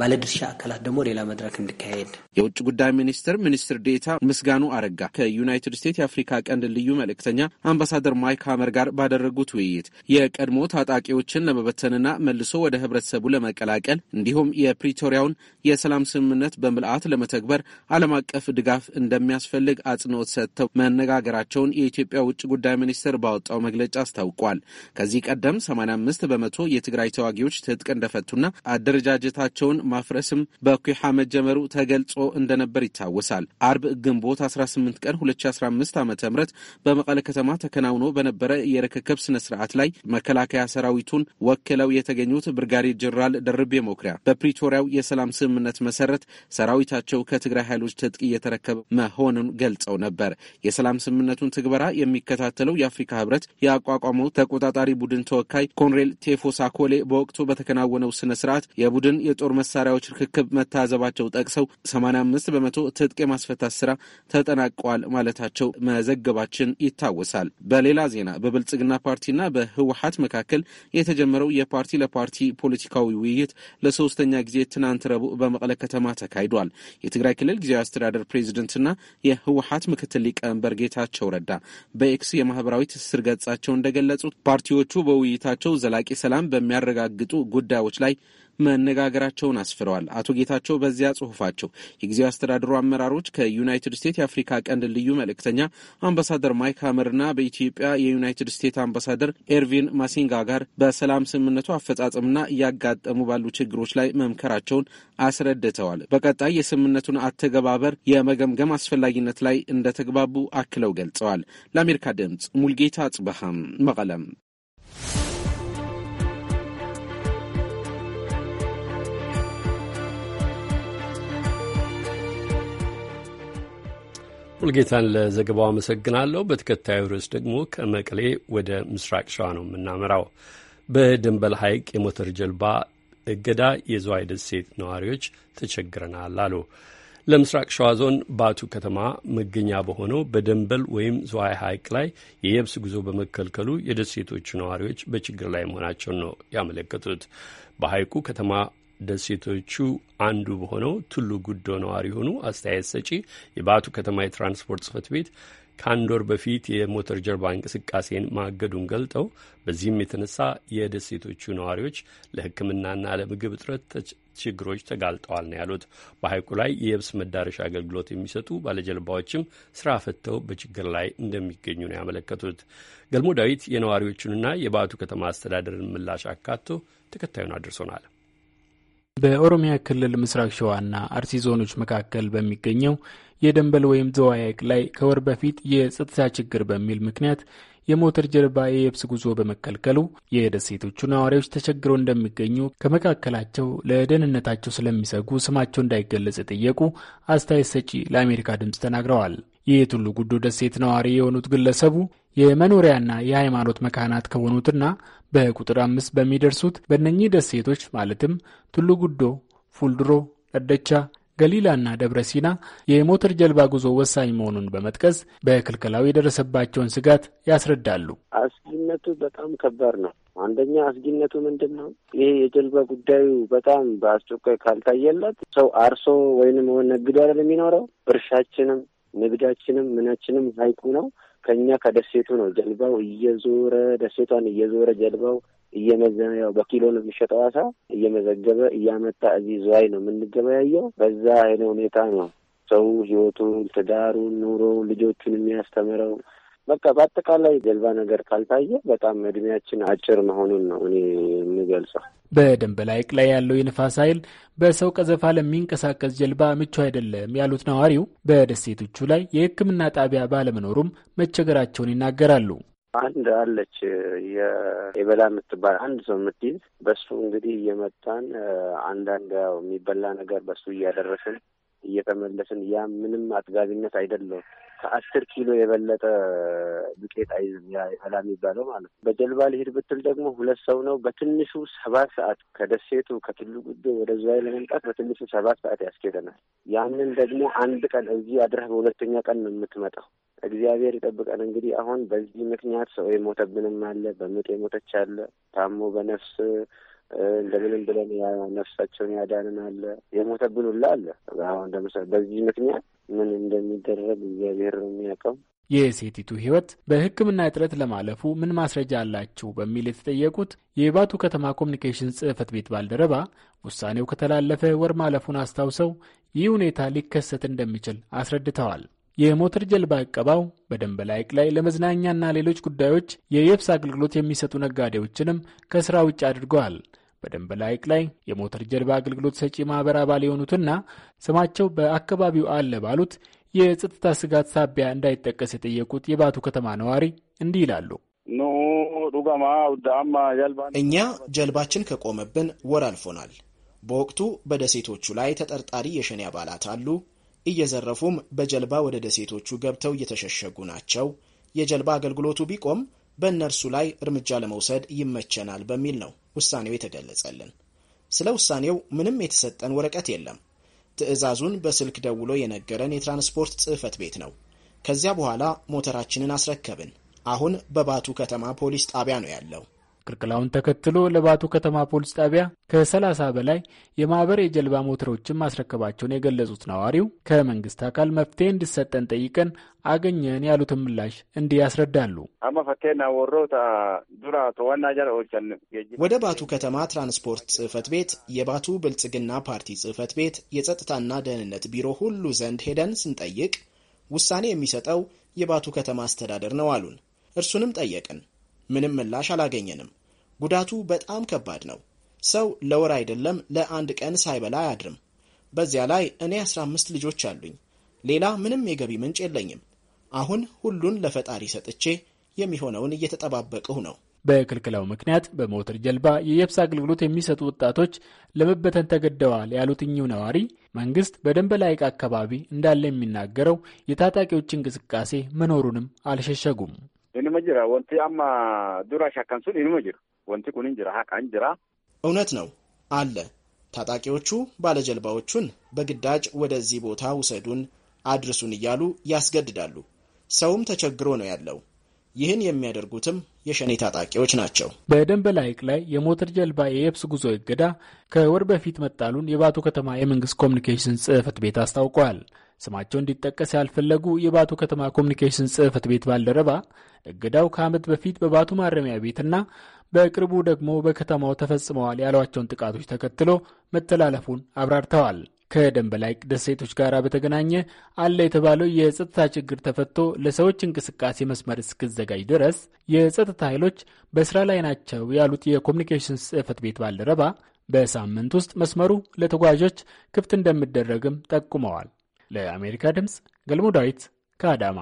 ባለድርሻ አካላት ደግሞ ሌላ መድረክ እንዲካሄድ የውጭ ጉዳይ ሚኒስቴር ሚኒስትር ዴታ ምስጋኑ አረጋ ከዩናይትድ ስቴትስ የአፍሪካ ቀንድ ልዩ መልእክተኛ አምባሳደር ማይክ ሀመር ጋር ባደረጉት ውይይት የቀድሞ ታጣቂዎችን ለመበተንና መልሶ ወደ ህብረተሰቡ ለመቀላቀል እንዲሁም የፕሪቶሪያውን የሰላም ስምምነት በምልአት ለመተግበር ዓለም አቀፍ ድጋፍ እንደሚያስፈልግ አጽንኦት ሰጥተው መነጋገራቸውን የኢትዮጵያ ውጭ ጉዳይ ሚኒስቴር ባወጣው መግለጫ አስታውቋል። ከዚህ ቀደም 85 በመቶ የትግራይ ተዋጊዎች ትጥቅ እንደፈቱና አደረጃጀታቸው ቤታቸውን ማፍረስም በኩሓ መጀመሩ ተገልጾ እንደነበር ይታወሳል። አርብ ግንቦት 18 ቀን 2015 ዓ ም በመቀለ ከተማ ተከናውኖ በነበረ የርክክብ ስነ ስርዓት ላይ መከላከያ ሰራዊቱን ወክለው የተገኙት ብርጋዴር ጀነራል ደርቤ ሞክሪያ በፕሪቶሪያው የሰላም ስምምነት መሰረት ሰራዊታቸው ከትግራይ ኃይሎች ትጥቅ እየተረከበ መሆኑን ገልጸው ነበር። የሰላም ስምምነቱን ትግበራ የሚከታተለው የአፍሪካ ህብረት የአቋቋመው ተቆጣጣሪ ቡድን ተወካይ ኮንሬል ቴፎሳኮሌ በወቅቱ በተከናወነው ስነ ስርዓት የቡድን የጦር የጦር መሳሪያዎች ርክክብ መታዘባቸው ጠቅሰው 85 በመቶ ትጥቅ የማስፈታት ስራ ተጠናቋል። ማለታቸው መዘገባችን ይታወሳል። በሌላ ዜና በብልጽግና ፓርቲና በህወሀት መካከል የተጀመረው የፓርቲ ለፓርቲ ፖለቲካዊ ውይይት ለሶስተኛ ጊዜ ትናንት ረቡዕ በመቀለ ከተማ ተካሂዷል። የትግራይ ክልል ጊዜያዊ አስተዳደር ፕሬዚደንትና የህወሀት ምክትል ሊቀመንበር ጌታቸው ረዳ በኤክስ የማህበራዊ ትስስር ገጻቸው እንደገለጹት ፓርቲዎቹ በውይይታቸው ዘላቂ ሰላም በሚያረጋግጡ ጉዳዮች ላይ መነጋገራቸውን አስፍረዋል። አቶ ጌታቸው በዚያ ጽሁፋቸው የጊዜው አስተዳደሩ አመራሮች ከዩናይትድ ስቴትስ የአፍሪካ ቀንድ ልዩ መልእክተኛ አምባሳደር ማይክ ሀመርና በኢትዮጵያ የዩናይትድ ስቴትስ አምባሳደር ኤርቪን ማሲንጋ ጋር በሰላም ስምምነቱ አፈጻጸምና እያጋጠሙ ባሉ ችግሮች ላይ መምከራቸውን አስረድተዋል። በቀጣይ የስምምነቱን አተገባበር የመገምገም አስፈላጊነት ላይ እንደተግባቡ አክለው ገልጸዋል። ለአሜሪካ ድምጽ ሙልጌታ አጽበሃም መቀለም ሙልጌታን ለዘገባው አመሰግናለሁ። በተከታዩ ርዕስ ደግሞ ከመቀሌ ወደ ምስራቅ ሸዋ ነው የምናመራው። በደንበል ሐይቅ የሞተር ጀልባ እገዳ የዝዋይ ደሴት ነዋሪዎች ተቸግረናል አሉ። ለምስራቅ ሸዋ ዞን ባቱ ከተማ መገኛ በሆነው በደንበል ወይም ዝዋይ ሐይቅ ላይ የየብስ ጉዞ በመከልከሉ የደሴቶቹ ነዋሪዎች በችግር ላይ መሆናቸውን ነው ያመለከቱት። በሐይቁ ከተማ ደሴቶቹ አንዱ በሆነው ቱሉ ጉዶ ነዋሪ የሆኑ አስተያየት ሰጪ የባቱ ከተማ የትራንስፖርት ጽፈት ቤት ከአንድ ወር በፊት የሞተር ጀርባ እንቅስቃሴን ማገዱን ገልጠው በዚህም የተነሳ የደሴቶቹ ነዋሪዎች ለሕክምናና ለምግብ እጥረት ችግሮች ተጋልጠዋል ነው ያሉት። በሐይቁ ላይ የየብስ መዳረሻ አገልግሎት የሚሰጡ ባለጀልባዎችም ስራ ፈተው በችግር ላይ እንደሚገኙ ነው ያመለከቱት። ገልሞ ዳዊት የነዋሪዎቹንና የባቱ ከተማ አስተዳደርን ምላሽ አካቶ ተከታዩን አድርሶናል። በኦሮሚያ ክልል ምስራቅ ሸዋና አርሲ ዞኖች መካከል በሚገኘው የደንበል ወይም ዘዋይ ሐይቅ ላይ ከወር በፊት የጸጥታ ችግር በሚል ምክንያት የሞተር ጀልባ የየብስ ጉዞ በመከልከሉ የደሴቶቹ ነዋሪዎች ተቸግረው እንደሚገኙ ከመካከላቸው ለደህንነታቸው ስለሚሰጉ ስማቸው እንዳይገለጽ የጠየቁ አስተያየት ሰጪ ለአሜሪካ ድምፅ ተናግረዋል። የቱሉ ጉዶ ደሴት ነዋሪ የሆኑት ግለሰቡ የመኖሪያና የሃይማኖት መካናት ከሆኑትና በቁጥር አምስት በሚደርሱት በእነኚህ ደሴቶች ማለትም ቱሉ ጉዶ፣ ፉልድሮ፣ ገሊላ ገሊላና ደብረ ሲና የሞተር ጀልባ ጉዞ ወሳኝ መሆኑን በመጥቀስ በክልከላው የደረሰባቸውን ስጋት ያስረዳሉ። አስጊነቱ በጣም ከባድ ነው። አንደኛ አስጊነቱ ምንድን ነው? ይሄ የጀልባ ጉዳዩ በጣም በአስቸኳይ ካልታየለት ሰው አርሶ ወይንም ነግዶ አይደል የሚኖረው። እርሻችንም ንግዳችንም ምናችንም ሀይቁ ነው። ከኛ ከደሴቱ ነው ጀልባው እየዞረ ደሴቷን እየዞረ ጀልባው እየመዘነ ያው በኪሎ ነው የሚሸጠው አሳ እየመዘገበ እያመጣ እዚህ ዝዋይ ነው የምንገበያየው። በዛ አይነ ሁኔታ ነው ሰው ህይወቱን፣ ትዳሩን፣ ኑሮውን፣ ልጆቹን የሚያስተምረው በቃ በአጠቃላይ ጀልባ ነገር ካልታየ በጣም እድሜያችን አጭር መሆኑን ነው እኔ የምገልጸው። በደንበል ሐይቅ ላይ ያለው የንፋስ ኃይል በሰው ቀዘፋ ለሚንቀሳቀስ ጀልባ ምቹ አይደለም ያሉት ነዋሪው በደሴቶቹ ላይ የሕክምና ጣቢያ ባለመኖሩም መቸገራቸውን ይናገራሉ። አንድ አለች የበላ የምትባል አንድ ሰው የምትይዝ በሱ እንግዲህ እየመጣን አንዳንድ ያው የሚበላ ነገር በሱ እያደረስን እየተመለስን ያ ምንም አጥጋቢነት አይደለም። ከአስር ኪሎ የበለጠ ዱቄት አይዝም ያ ይፈላ የሚባለው ማለት ነው። በጀልባ ልሂድ ብትል ደግሞ ሁለት ሰው ነው በትንሹ ሰባት ሰዓት ከደሴቱ ከትልቁ ወደ ዙዋይ ለመምጣት በትንሹ ሰባት ሰዓት ያስኬደናል። ያንን ደግሞ አንድ ቀን እዚህ አድረህ በሁለተኛ ቀን ነው የምትመጣው። እግዚአብሔር ይጠብቀን። እንግዲህ አሁን በዚህ ምክንያት ሰው የሞተብንም አለ፣ በምጥ የሞተች አለ፣ ታሞ በነፍስ እንደምንም ብለን ነፍሳቸውን ያዳንን አለ የሞተብን ሁላ አለ። አሁን ለምሳሌ በዚህ ምክንያት ምን እንደሚደረግ እግዚአብሔር ነው የሚያውቀው። የሴቲቱ ሕይወት በሕክምና እጥረት ለማለፉ ምን ማስረጃ አላችሁ? በሚል የተጠየቁት የባቱ ከተማ ኮሚኒኬሽን ጽሕፈት ቤት ባልደረባ ውሳኔው ከተላለፈ ወር ማለፉን አስታውሰው ይህ ሁኔታ ሊከሰት እንደሚችል አስረድተዋል። የሞተር ጀልባ አቀባው በደንበል ሐይቅ ላይ ለመዝናኛና ሌሎች ጉዳዮች የየብስ አገልግሎት የሚሰጡ ነጋዴዎችንም ከስራ ውጭ አድርገዋል። በደንበል ሐይቅ ላይ የሞተር ጀልባ አገልግሎት ሰጪ ማህበር አባል የሆኑትና ስማቸው በአካባቢው አለ ባሉት የጸጥታ ስጋት ሳቢያ እንዳይጠቀስ የጠየቁት የባቱ ከተማ ነዋሪ እንዲህ ይላሉ። እኛ ጀልባችን ከቆመብን ወር አልፎናል። በወቅቱ በደሴቶቹ ላይ ተጠርጣሪ የሸኔ አባላት አሉ እየዘረፉም በጀልባ ወደ ደሴቶቹ ገብተው እየተሸሸጉ ናቸው። የጀልባ አገልግሎቱ ቢቆም በእነርሱ ላይ እርምጃ ለመውሰድ ይመቸናል በሚል ነው ውሳኔው የተገለጸልን። ስለ ውሳኔው ምንም የተሰጠን ወረቀት የለም። ትዕዛዙን በስልክ ደውሎ የነገረን የትራንስፖርት ጽህፈት ቤት ነው። ከዚያ በኋላ ሞተራችንን አስረከብን። አሁን በባቱ ከተማ ፖሊስ ጣቢያ ነው ያለው። ክልክላውን ተከትሎ ለባቱ ከተማ ፖሊስ ጣቢያ ከ30 በላይ የማህበር የጀልባ ሞተሮችን ማስረከባቸውን የገለጹት ነዋሪው ከመንግስት አካል መፍትሄ እንዲሰጠን ጠይቀን አገኘን ያሉትን ምላሽ እንዲህ ያስረዳሉ። ወደ ባቱ ከተማ ትራንስፖርት ጽህፈት ቤት፣ የባቱ ብልጽግና ፓርቲ ጽህፈት ቤት፣ የጸጥታና ደህንነት ቢሮ ሁሉ ዘንድ ሄደን ስንጠይቅ ውሳኔ የሚሰጠው የባቱ ከተማ አስተዳደር ነው አሉን። እርሱንም ጠየቅን። ምንም ምላሽ አላገኘንም። ጉዳቱ በጣም ከባድ ነው። ሰው ለወር አይደለም ለአንድ ቀን ሳይበላ አያድርም። በዚያ ላይ እኔ 15 ልጆች አሉኝ። ሌላ ምንም የገቢ ምንጭ የለኝም። አሁን ሁሉን ለፈጣሪ ሰጥቼ የሚሆነውን እየተጠባበቅሁ ነው። በክልክላው ምክንያት በሞተር ጀልባ የየብስ አገልግሎት የሚሰጡ ወጣቶች ለመበተን ተገደዋል ያሉት እኚው ነዋሪ መንግስት በደንበ ላይቅ አካባቢ እንዳለ የሚናገረው የታጣቂዎች እንቅስቃሴ መኖሩንም አልሸሸጉም። ወንቲ ኩን እንጅራ ሀቃን ጅራ እውነት ነው አለ። ታጣቂዎቹ ባለጀልባዎቹን በግዳጅ ወደዚህ ቦታ ውሰዱን፣ አድርሱን እያሉ ያስገድዳሉ። ሰውም ተቸግሮ ነው ያለው። ይህን የሚያደርጉትም የሸኔ ታጣቂዎች ናቸው። በደንበል ሐይቅ ላይ የሞተር ጀልባ የየብስ ጉዞ እገዳ ከወር በፊት መጣሉን የባቱ ከተማ የመንግስት ኮሚኒኬሽን ጽህፈት ቤት አስታውቀዋል። ስማቸው እንዲጠቀስ ያልፈለጉ የባቱ ከተማ ኮሚኒኬሽን ጽህፈት ቤት ባልደረባ እገዳው ከዓመት በፊት በባቱ ማረሚያ ቤትና በቅርቡ ደግሞ በከተማው ተፈጽመዋል ያሏቸውን ጥቃቶች ተከትሎ መተላለፉን አብራርተዋል። ከደን ላይ ደሴቶች ጋር በተገናኘ አለ የተባለው የጸጥታ ችግር ተፈቶ ለሰዎች እንቅስቃሴ መስመር እስክዘጋጅ ድረስ የጸጥታ ኃይሎች በስራ ላይ ናቸው ያሉት የኮሚኒኬሽንስ ጽህፈት ቤት ባልደረባ በሳምንት ውስጥ መስመሩ ለተጓዦች ክፍት እንደሚደረግም ጠቁመዋል። ለአሜሪካ ድምፅ ገልሞ ዳዊት ከአዳማ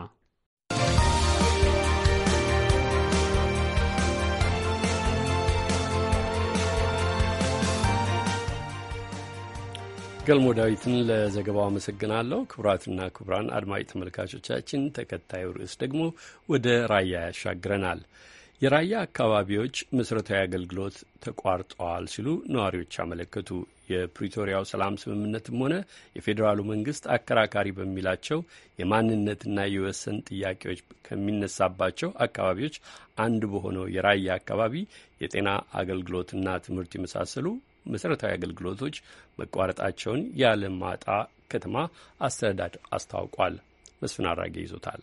ገልሞ ዳዊትን ለዘገባው አመሰግናለሁ። ክቡራትና ክቡራን አድማጭ ተመልካቾቻችን ተከታዩ ርዕስ ደግሞ ወደ ራያ ያሻግረናል። የራያ አካባቢዎች መሠረታዊ አገልግሎት ተቋርጠዋል ሲሉ ነዋሪዎች አመለከቱ። የፕሪቶሪያው ሰላም ስምምነትም ሆነ የፌዴራሉ መንግስት አከራካሪ በሚላቸው የማንነትና የወሰን ጥያቄዎች ከሚነሳባቸው አካባቢዎች አንዱ በሆነው የራያ አካባቢ የጤና አገልግሎትና ትምህርት የመሳሰሉ መሠረታዊ አገልግሎቶች መቋረጣቸውን የአለማጣ ከተማ አስተዳደር አስታውቋል። መስፍን አራጌ ይዞታል።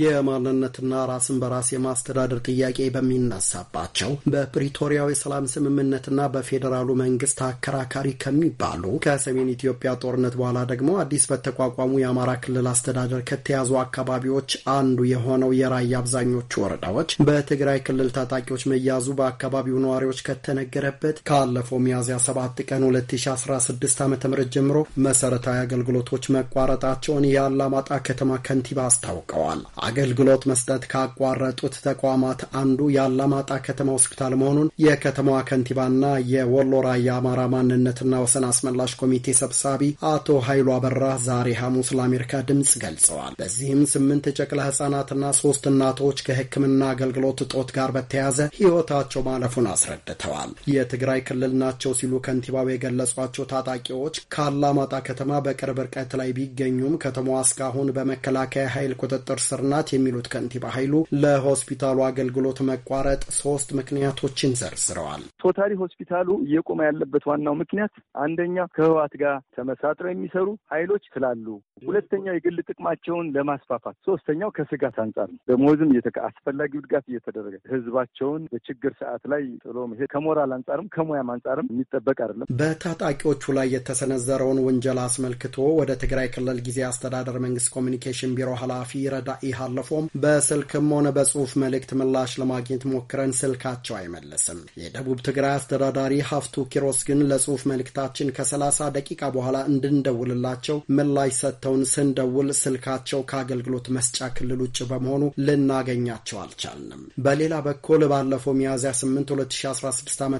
የማንነትና ራስን በራስ የማስተዳደር ጥያቄ በሚነሳባቸው በፕሪቶሪያው የሰላም ስምምነትና በፌዴራሉ መንግስት አከራካሪ ከሚባሉ ከሰሜን ኢትዮጵያ ጦርነት በኋላ ደግሞ አዲስ በተቋቋሙ የአማራ ክልል አስተዳደር ከተያዙ አካባቢዎች አንዱ የሆነው የራያ አብዛኞቹ ወረዳዎች በትግራይ ክልል ታጣቂዎች መያዙ በአካባቢው ነዋሪዎች ከተነገረበት ካለፈው ሚያዝያ 7 ቀን 2016 ዓ ም ጀምሮ መሰረታዊ አገልግሎቶች መቋረጣቸውን የአላማጣ ከተማ ከንቲባ አስታውቀዋል። አገልግሎት መስጠት ካቋረጡት ተቋማት አንዱ የአላማጣ ከተማ ሆስፒታል መሆኑን የከተማዋ ከንቲባና የወሎ ራያ አማራ ማንነትና ወሰን አስመላሽ ኮሚቴ ሰብሳቢ አቶ ኃይሉ አበራ ዛሬ ሐሙስ ለአሜሪካ ድምፅ ገልጸዋል። በዚህም ስምንት የጨቅላ ህጻናትና ሶስት እናቶች ከህክምና አገልግሎት እጦት ጋር በተያያዘ ህይወታቸው ማለፉን አስረድተዋል። የትግራይ ክልል ናቸው ሲሉ ከንቲባው የገለጿቸው ታጣቂዎች ከአላማጣ ከተማ በቅርብ ርቀት ላይ ቢገኙም ከተማዋ እስካሁን በመከላከያ ኃይል ቁጥጥር ስር ናት የሚሉት ከንቲባ ኃይሉ ለሆስፒታሉ አገልግሎት መቋረጥ ሶስት ምክንያቶችን ዘርዝረዋል። ቶታሊ ሆስፒታሉ እየቆመ ያለበት ዋናው ምክንያት አንደኛ ከህወሓት ጋር ተመሳጥረው የሚሰሩ ኃይሎች ስላሉ፣ ሁለተኛው የግል ጥቅማቸውን ለማስፋፋት፣ ሶስተኛው ከስጋት አንጻር ነው። ደሞዝም አስፈላጊው ድጋፍ እየተደረገ ህዝባቸውን በችግር ሰዓት ላይ ጥሎ መሄድ ከሞራል አንጻርም ከሙያም አንጻርም የሚጠበቅ አይደለም። በታጣቂዎቹ ላይ የተሰነዘረውን ወንጀል አስመልክቶ ወደ ትግራይ ክልል ጊዜ አስተዳደር መንግስት ኮሚኒኬሽን ቢሮ ኃላፊ ረዳኢ ከዚህ አልፎም በስልክም ሆነ በጽሁፍ መልእክት ምላሽ ለማግኘት ሞክረን ስልካቸው አይመለስም። የደቡብ ትግራይ አስተዳዳሪ ሀፍቱ ኪሮስ ግን ለጽሁፍ መልእክታችን ከ30 ደቂቃ በኋላ እንድንደውልላቸው ምላሽ ሰጥተውን ስንደውል ስልካቸው ከአገልግሎት መስጫ ክልል ውጭ በመሆኑ ልናገኛቸው አልቻልንም። በሌላ በኩል ባለፈው ሚያዝያ 8 2016 ዓ ም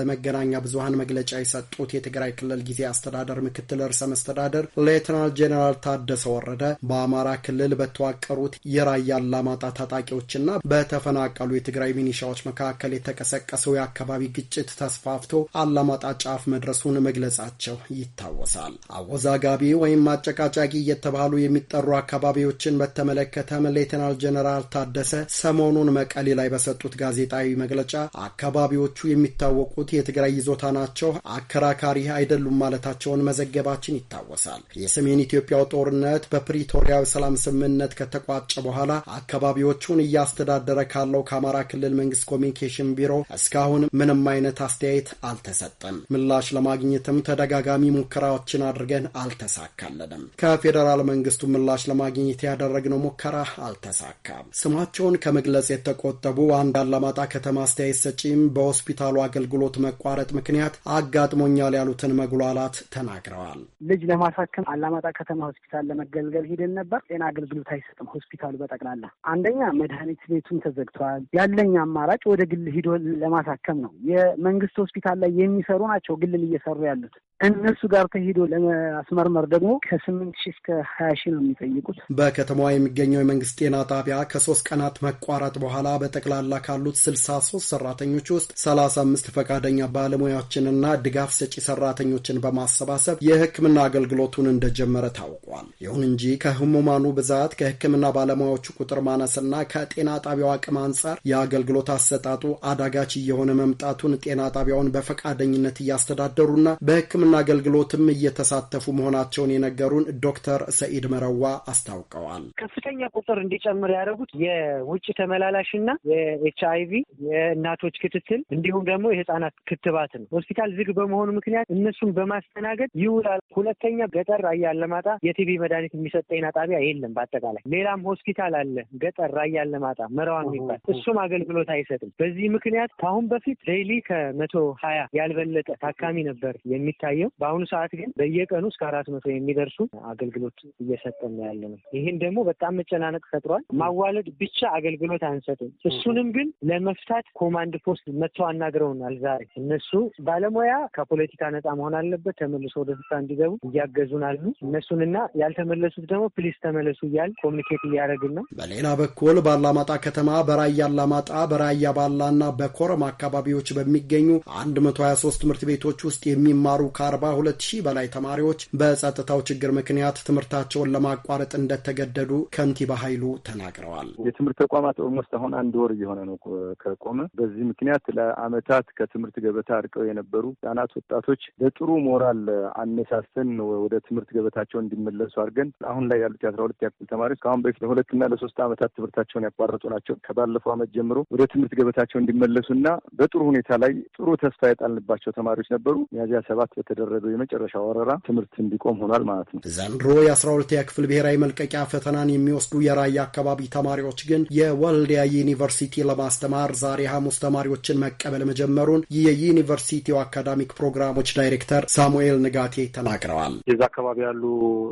ለመገናኛ ብዙሀን መግለጫ የሰጡት የትግራይ ክልል ጊዜ አስተዳደር ምክትል ርዕሰ መስተዳደር ሌትናል ጄኔራል ታደሰ ወረደ በአማራ ክልል በተዋቀሩት የራያ አላማጣ ታጣቂዎችና በተፈናቀሉ የትግራይ ሚኒሻዎች መካከል የተቀሰቀሰው የአካባቢ ግጭት ተስፋፍቶ አላማጣ ጫፍ መድረሱን መግለጻቸው ይታወሳል። አወዛጋቢ ወይም አጨቃጫቂ እየተባሉ የሚጠሩ አካባቢዎችን በተመለከተም ሌተናል ጀነራል ታደሰ ሰሞኑን መቀሌ ላይ በሰጡት ጋዜጣዊ መግለጫ አካባቢዎቹ የሚታወቁት የትግራይ ይዞታ ናቸው፣ አከራካሪ አይደሉም ማለታቸውን መዘገባችን ይታወሳል። የሰሜን ኢትዮጵያው ጦርነት በፕሪቶሪያ ሰላም ስምምነት ከተቋ ከተቋጨ በኋላ አካባቢዎቹን እያስተዳደረ ካለው ከአማራ ክልል መንግስት ኮሚኒኬሽን ቢሮ እስካሁን ምንም አይነት አስተያየት አልተሰጠም። ምላሽ ለማግኘትም ተደጋጋሚ ሙከራዎችን አድርገን አልተሳካለንም። ከፌዴራል መንግስቱ ምላሽ ለማግኘት ያደረግነው ሙከራ አልተሳካም። ስማቸውን ከመግለጽ የተቆጠቡ አንድ አላማጣ ከተማ አስተያየት ሰጪም በሆስፒታሉ አገልግሎት መቋረጥ ምክንያት አጋጥሞኛል ያሉትን መጉላላት ተናግረዋል። ልጅ ለማሳከም አላማጣ ከተማ ሆስፒታል ለመገልገል ሄደን ነበር። ጤና አገልግሎት አይሰጥም ሆስፒታል ሆስፒታሉ በጠቅላላ አንደኛ መድኃኒት ቤቱን ተዘግተዋል። ያለኝ አማራጭ ወደ ግል ሂዶ ለማሳከም ነው። የመንግስት ሆስፒታል ላይ የሚሰሩ ናቸው ግልን እየሰሩ ያሉት እነሱ ጋር ተሄዶ ለማስመርመር ደግሞ ከስምንት ሺህ እስከ ሀያ ሺህ ነው የሚጠይቁት። በከተማዋ የሚገኘው የመንግስት ጤና ጣቢያ ከሶስት ቀናት መቋረጥ በኋላ በጠቅላላ ካሉት ስልሳ ሶስት ሰራተኞች ውስጥ ሰላሳ አምስት ፈቃደኛ ባለሙያዎችንና ድጋፍ ሰጪ ሰራተኞችን በማሰባሰብ የህክምና አገልግሎቱን እንደጀመረ ታውቋል። ይሁን እንጂ ከህሙማኑ ብዛት ከህክምና ባለሙያዎቹ ቁጥር ማነስና ከጤና ጣቢያው አቅም አንጻር የአገልግሎት አሰጣጡ አዳጋች እየሆነ መምጣቱን ጤና ጣቢያውን በፈቃደኝነት እያስተዳደሩና በሕክምና አገልግሎትም እየተሳተፉ መሆናቸውን የነገሩን ዶክተር ሰኢድ መረዋ አስታውቀዋል። ከፍተኛ ቁጥር እንዲጨምር ያደረጉት የውጭ ተመላላሽና የኤች አይቪ የእናቶች ክትትል እንዲሁም ደግሞ የህፃናት ክትባት ነው። ሆስፒታል ዝግ በመሆኑ ምክንያት እነሱን በማስተናገድ ይውላል። ሁለተኛ ገጠር አያለማጣ የቲቪ መድኃኒት የሚሰጥ ጤና ጣቢያ የለም። በአጠቃላይ ሌላም ሆስፒታል አለ ገጠር ራያ አላማጣ መራዋ የሚባል እሱም አገልግሎት አይሰጥም። በዚህ ምክንያት ከአሁን በፊት ዴይሊ ከመቶ ሀያ ያልበለጠ ታካሚ ነበር የሚታየው። በአሁኑ ሰዓት ግን በየቀኑ እስከ አራት መቶ የሚደርሱ አገልግሎት እየሰጠን ያለ ነው። ይህን ደግሞ በጣም መጨናነቅ ፈጥሯል። ማዋለድ ብቻ አገልግሎት አንሰጥም። እሱንም ግን ለመፍታት ኮማንድ ፖስት መጥተው አናግረውናል። ዛሬ እነሱ ባለሙያ ከፖለቲካ ነጻ መሆን አለበት፣ ተመልሶ ወደ ስፍራ እንዲገቡ እያገዙን አሉ። እነሱንና ያልተመለሱት ደግሞ ፕሊስ ተመለሱ እያል ኮሚኒኬት እያደረግን ነው። በሌላ በኩል በአላማጣ ከተማ በራያ አላማጣ፣ በራያ ባላና በኮረም አካባቢዎች በሚገኙ 123 ትምህርት ቤቶች ውስጥ የሚማሩ ከ42 ሺህ በላይ ተማሪዎች በጸጥታው ችግር ምክንያት ትምህርታቸውን ለማቋረጥ እንደተገደዱ ከንቲባ ኃይሉ ተናግረዋል። የትምህርት ተቋማት ኦልሞስት አሁን አንድ ወር እየሆነ ነው ከቆመ። በዚህ ምክንያት ለአመታት ከትምህርት ገበታ አርቀው የነበሩ ህጻናት፣ ወጣቶች በጥሩ ሞራል አነሳስተን ወደ ትምህርት ገበታቸው እንዲመለሱ አድርገን አሁን ላይ ያሉት የአስራ ሁለት ያክል ተማሪዎች ከአሁን በፊት ለሁለትና ለሶስት ዓመታት ትምህርታቸውን ያቋረጡ ናቸው። ከባለፈው ዓመት ጀምሮ ወደ ትምህርት ገበታቸው እንዲመለሱና በጥሩ ሁኔታ ላይ ጥሩ ተስፋ የጣልንባቸው ተማሪዎች ነበሩ። ሚያዝያ ሰባት በተደረገው የመጨረሻ ወረራ ትምህርት እንዲቆም ሆኗል ማለት ነው። ዘንድሮ የአስራ ሁለተኛ ክፍል ብሔራዊ መልቀቂያ ፈተናን የሚወስዱ የራያ አካባቢ ተማሪዎች ግን የወልዲያ ዩኒቨርሲቲ ለማስተማር ዛሬ ሐሙስ ተማሪዎችን መቀበል መጀመሩን የዩኒቨርሲቲው አካዳሚክ ፕሮግራሞች ዳይሬክተር ሳሙኤል ንጋቴ ተናግረዋል። የዛ አካባቢ ያሉ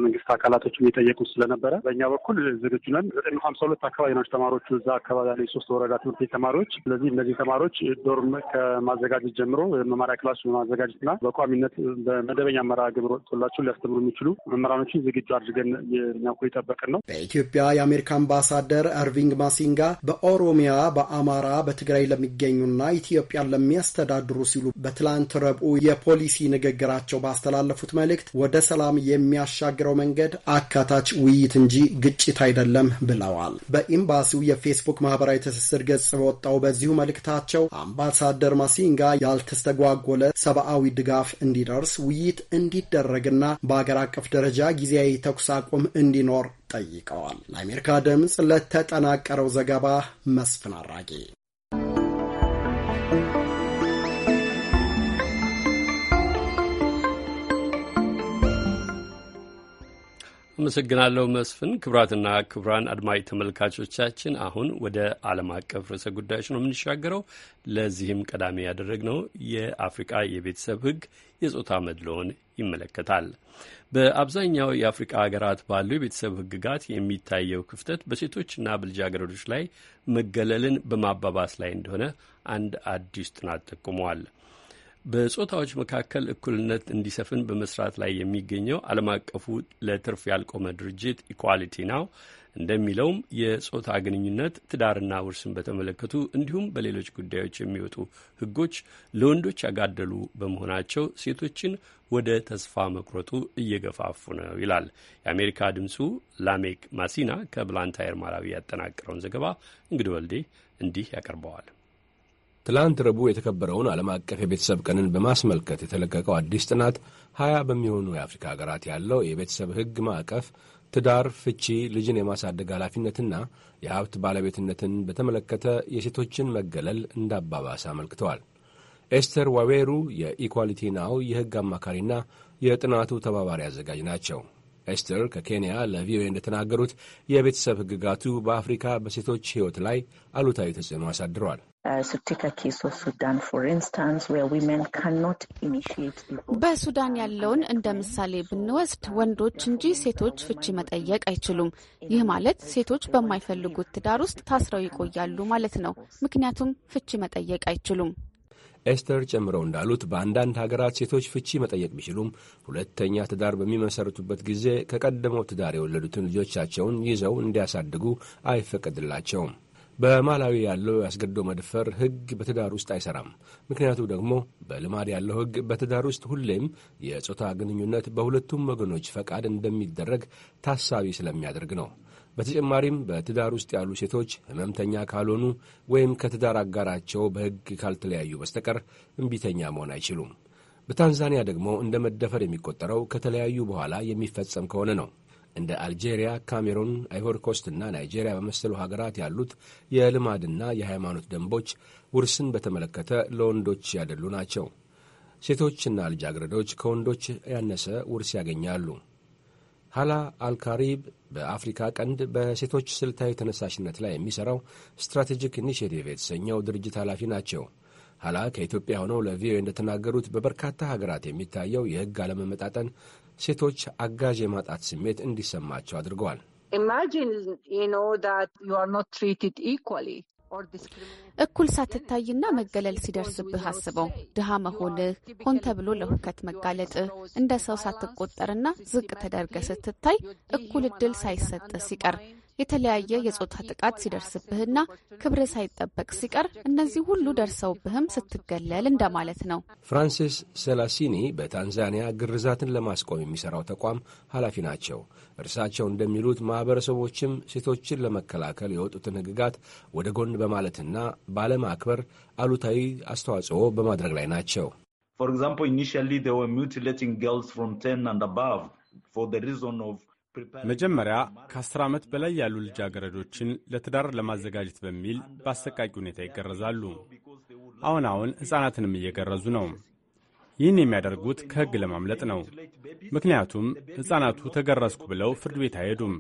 መንግስት አካላቶችም የጠየቁት ስለነበረ በእኛ በኩል ዝግጁ ተማሪዎች ነን። ዘጠኝ ሀምሳ ሁለት አካባቢ ናቸው ተማሪዎቹ እዛ አካባቢ ያለ የሶስት ወረዳ ትምህርት ቤት ተማሪዎች። ስለዚህ እነዚህ ተማሪዎች ዶርም ከማዘጋጀት ጀምሮ መማሪያ ክላሱ በማዘጋጀት እና በቋሚነት በመደበኛ መርሃ ግብር ወጥቶላቸው ሊያስተምሩ የሚችሉ መምህራኖችን ዝግጁ አድርገን የሚያውቁ የጠበቅን ነው። በኢትዮጵያ የአሜሪካ አምባሳደር አርቪንግ ማሲንጋ በኦሮሚያ፣ በአማራ፣ በትግራይ ለሚገኙና ኢትዮጵያን ለሚያስተዳድሩ ሲሉ በትላንት ረቡዕ የፖሊሲ ንግግራቸው ባስተላለፉት መልእክት ወደ ሰላም የሚያሻግረው መንገድ አካታች ውይይት እንጂ ግጭት አይደለም አይደለም ብለዋል። በኤምባሲው የፌስቡክ ማህበራዊ ትስስር ገጽ በወጣው በዚሁ መልእክታቸው አምባሳደር ማሲንጋ ያልተስተጓጎለ ሰብአዊ ድጋፍ እንዲደርስ ውይይት እንዲደረግና በአገር አቀፍ ደረጃ ጊዜያዊ ተኩስ አቁም እንዲኖር ጠይቀዋል። ለአሜሪካ ድምፅ ለተጠናቀረው ዘገባ መስፍን አራጌ አመሰግናለሁ መስፍን። ክቡራትና ክቡራን አድማጭ ተመልካቾቻችን አሁን ወደ ዓለም አቀፍ ርዕሰ ጉዳዮች ነው የምንሻገረው። ለዚህም ቀዳሚ ያደረግነው የአፍሪቃ የቤተሰብ ህግ የጾታ መድሎን ይመለከታል። በአብዛኛው የአፍሪቃ ሀገራት ባሉ የቤተሰብ ህግጋት የሚታየው ክፍተት በሴቶችና በልጃገረዶች ላይ መገለልን በማባባስ ላይ እንደሆነ አንድ አዲስ ጥናት ጠቁመዋል። በጾታዎች መካከል እኩልነት እንዲሰፍን በመስራት ላይ የሚገኘው ዓለም አቀፉ ለትርፍ ያልቆመ ድርጅት ኢኳሊቲ ናው እንደሚለውም የጾታ ግንኙነት ትዳርና ውርስን በተመለከቱ እንዲሁም በሌሎች ጉዳዮች የሚወጡ ሕጎች ለወንዶች ያጋደሉ በመሆናቸው ሴቶችን ወደ ተስፋ መቁረጡ እየገፋፉ ነው ይላል። የአሜሪካ ድምጹ ላሜክ ማሲና ከብላንታየር ማላዊ ያጠናቀረውን ዘገባ እንግዲህ ወልዴ እንዲህ ያቀርበዋል። ትላንት ረቡዕ የተከበረውን ዓለም አቀፍ የቤተሰብ ቀንን በማስመልከት የተለቀቀው አዲስ ጥናት ሀያ በሚሆኑ የአፍሪካ ሀገራት ያለው የቤተሰብ ሕግ ማዕቀፍ ትዳር፣ ፍቺ፣ ልጅን የማሳደግ ኃላፊነትና የሀብት ባለቤትነትን በተመለከተ የሴቶችን መገለል እንዳባባሰ አመልክተዋል። ኤስተር ዋዌሩ የኢኳሊቲ ናው የሕግ አማካሪና የጥናቱ ተባባሪ አዘጋጅ ናቸው። ኤስተር ከኬንያ ለቪኦኤ እንደተናገሩት የቤተሰብ ህግጋቱ በአፍሪካ በሴቶች ህይወት ላይ አሉታዊ ተጽዕኖ አሳድረዋል። በሱዳን ያለውን እንደ ምሳሌ ብንወስድ ወንዶች እንጂ ሴቶች ፍቺ መጠየቅ አይችሉም። ይህ ማለት ሴቶች በማይፈልጉት ትዳር ውስጥ ታስረው ይቆያሉ ማለት ነው። ምክንያቱም ፍቺ መጠየቅ አይችሉም። ኤስተር ጨምረው እንዳሉት በአንዳንድ ሀገራት ሴቶች ፍቺ መጠየቅ ቢችሉም ሁለተኛ ትዳር በሚመሰርቱበት ጊዜ ከቀደመው ትዳር የወለዱትን ልጆቻቸውን ይዘው እንዲያሳድጉ አይፈቀድላቸውም። በማላዊ ያለው ያስገድዶ መድፈር ሕግ በትዳር ውስጥ አይሰራም። ምክንያቱ ደግሞ በልማድ ያለው ሕግ በትዳር ውስጥ ሁሌም የጾታ ግንኙነት በሁለቱም ወገኖች ፈቃድ እንደሚደረግ ታሳቢ ስለሚያደርግ ነው። በተጨማሪም በትዳር ውስጥ ያሉ ሴቶች ህመምተኛ ካልሆኑ ወይም ከትዳር አጋራቸው በሕግ ካልተለያዩ በስተቀር እምቢተኛ መሆን አይችሉም። በታንዛኒያ ደግሞ እንደ መደፈር የሚቆጠረው ከተለያዩ በኋላ የሚፈጸም ከሆነ ነው። እንደ አልጄሪያ፣ ካሜሩን፣ አይቮርኮስትና ናይጄሪያ በመሰሉ ሀገራት ያሉት የልማድና የሃይማኖት ደንቦች ውርስን በተመለከተ ለወንዶች ያደሉ ናቸው። ሴቶችና ልጃገረዶች ከወንዶች ያነሰ ውርስ ያገኛሉ። ሃላ አልካሪብ በአፍሪካ ቀንድ በሴቶች ስልታዊ ተነሳሽነት ላይ የሚሠራው ስትራቴጂክ ኢኒሽቲቭ የተሰኘው ድርጅት ኃላፊ ናቸው። ኋላ ከኢትዮጵያ ሆነው ለቪኦኤ እንደተናገሩት በበርካታ ሀገራት የሚታየው የሕግ አለመመጣጠን ሴቶች አጋዥ የማጣት ስሜት እንዲሰማቸው አድርገዋል። እኩል ሳትታይና መገለል ሲደርስብህ አስበው። ድሃ መሆንህ፣ ሆን ተብሎ ለሁከት መጋለጥህ፣ እንደ ሰው ሳትቆጠርና ዝቅ ተደርገ ስትታይ እኩል እድል ሳይሰጥህ ሲቀር የተለያየ የጾታ ጥቃት ሲደርስብህና ክብር ሳይጠበቅ ሲቀር እነዚህ ሁሉ ደርሰውብህም ስትገለል እንደማለት ነው። ፍራንሲስ ሴላሲኒ በታንዛኒያ ግርዛትን ለማስቆም የሚሠራው ተቋም ኃላፊ ናቸው። እርሳቸው እንደሚሉት ማኅበረሰቦችም ሴቶችን ለመከላከል የወጡትን ህግጋት ወደ ጎን በማለትና ባለማክበር አሉታዊ አስተዋጽኦ በማድረግ ላይ ናቸው። ፎር ኤግዛምፕል ኢኒሺያሊ ዜይ ወር ሚውቲሌቲንግ ገርልስ ፍሮም ቴን አንድ አባቭ ፎር ዘ ሪዝን ኦፍ መጀመሪያ ከአስር ዓመት በላይ ያሉ ልጃገረዶችን ለትዳር ለማዘጋጀት በሚል በአሰቃቂ ሁኔታ ይገረዛሉ። አሁን አሁን ሕፃናትንም እየገረዙ ነው። ይህን የሚያደርጉት ከሕግ ለማምለጥ ነው። ምክንያቱም ሕፃናቱ ተገረዝኩ ብለው ፍርድ ቤት አይሄዱም።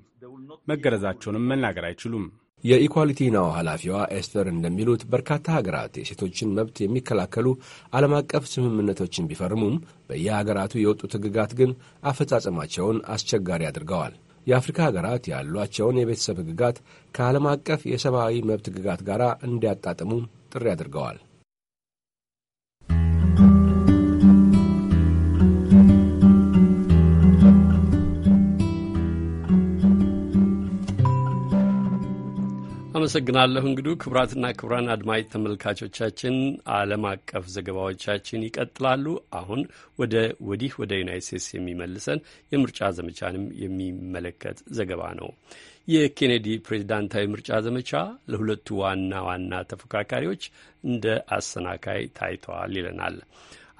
መገረዛቸውንም መናገር አይችሉም። የኢኳሊቲ ናው ኃላፊዋ ኤስተር እንደሚሉት በርካታ ሀገራት የሴቶችን መብት የሚከላከሉ ዓለም አቀፍ ስምምነቶችን ቢፈርሙም በየሀገራቱ የወጡት ሕግጋት ግን አፈጻጸማቸውን አስቸጋሪ አድርገዋል። የአፍሪካ ሀገራት ያሏቸውን የቤተሰብ ሕግጋት ከዓለም አቀፍ የሰብአዊ መብት ሕግጋት ጋር እንዲያጣጥሙ ጥሪ አድርገዋል። አመሰግናለሁ እንግዱ። ክቡራትና ክቡራን አድማጭ ተመልካቾቻችን ዓለም አቀፍ ዘገባዎቻችን ይቀጥላሉ። አሁን ወደ ወዲህ ወደ ዩናይት ስቴትስ የሚመልሰን የምርጫ ዘመቻንም የሚመለከት ዘገባ ነው። የኬኔዲ ፕሬዚዳንታዊ ምርጫ ዘመቻ ለሁለቱ ዋና ዋና ተፎካካሪዎች እንደ አሰናካይ ታይተዋል ይለናል።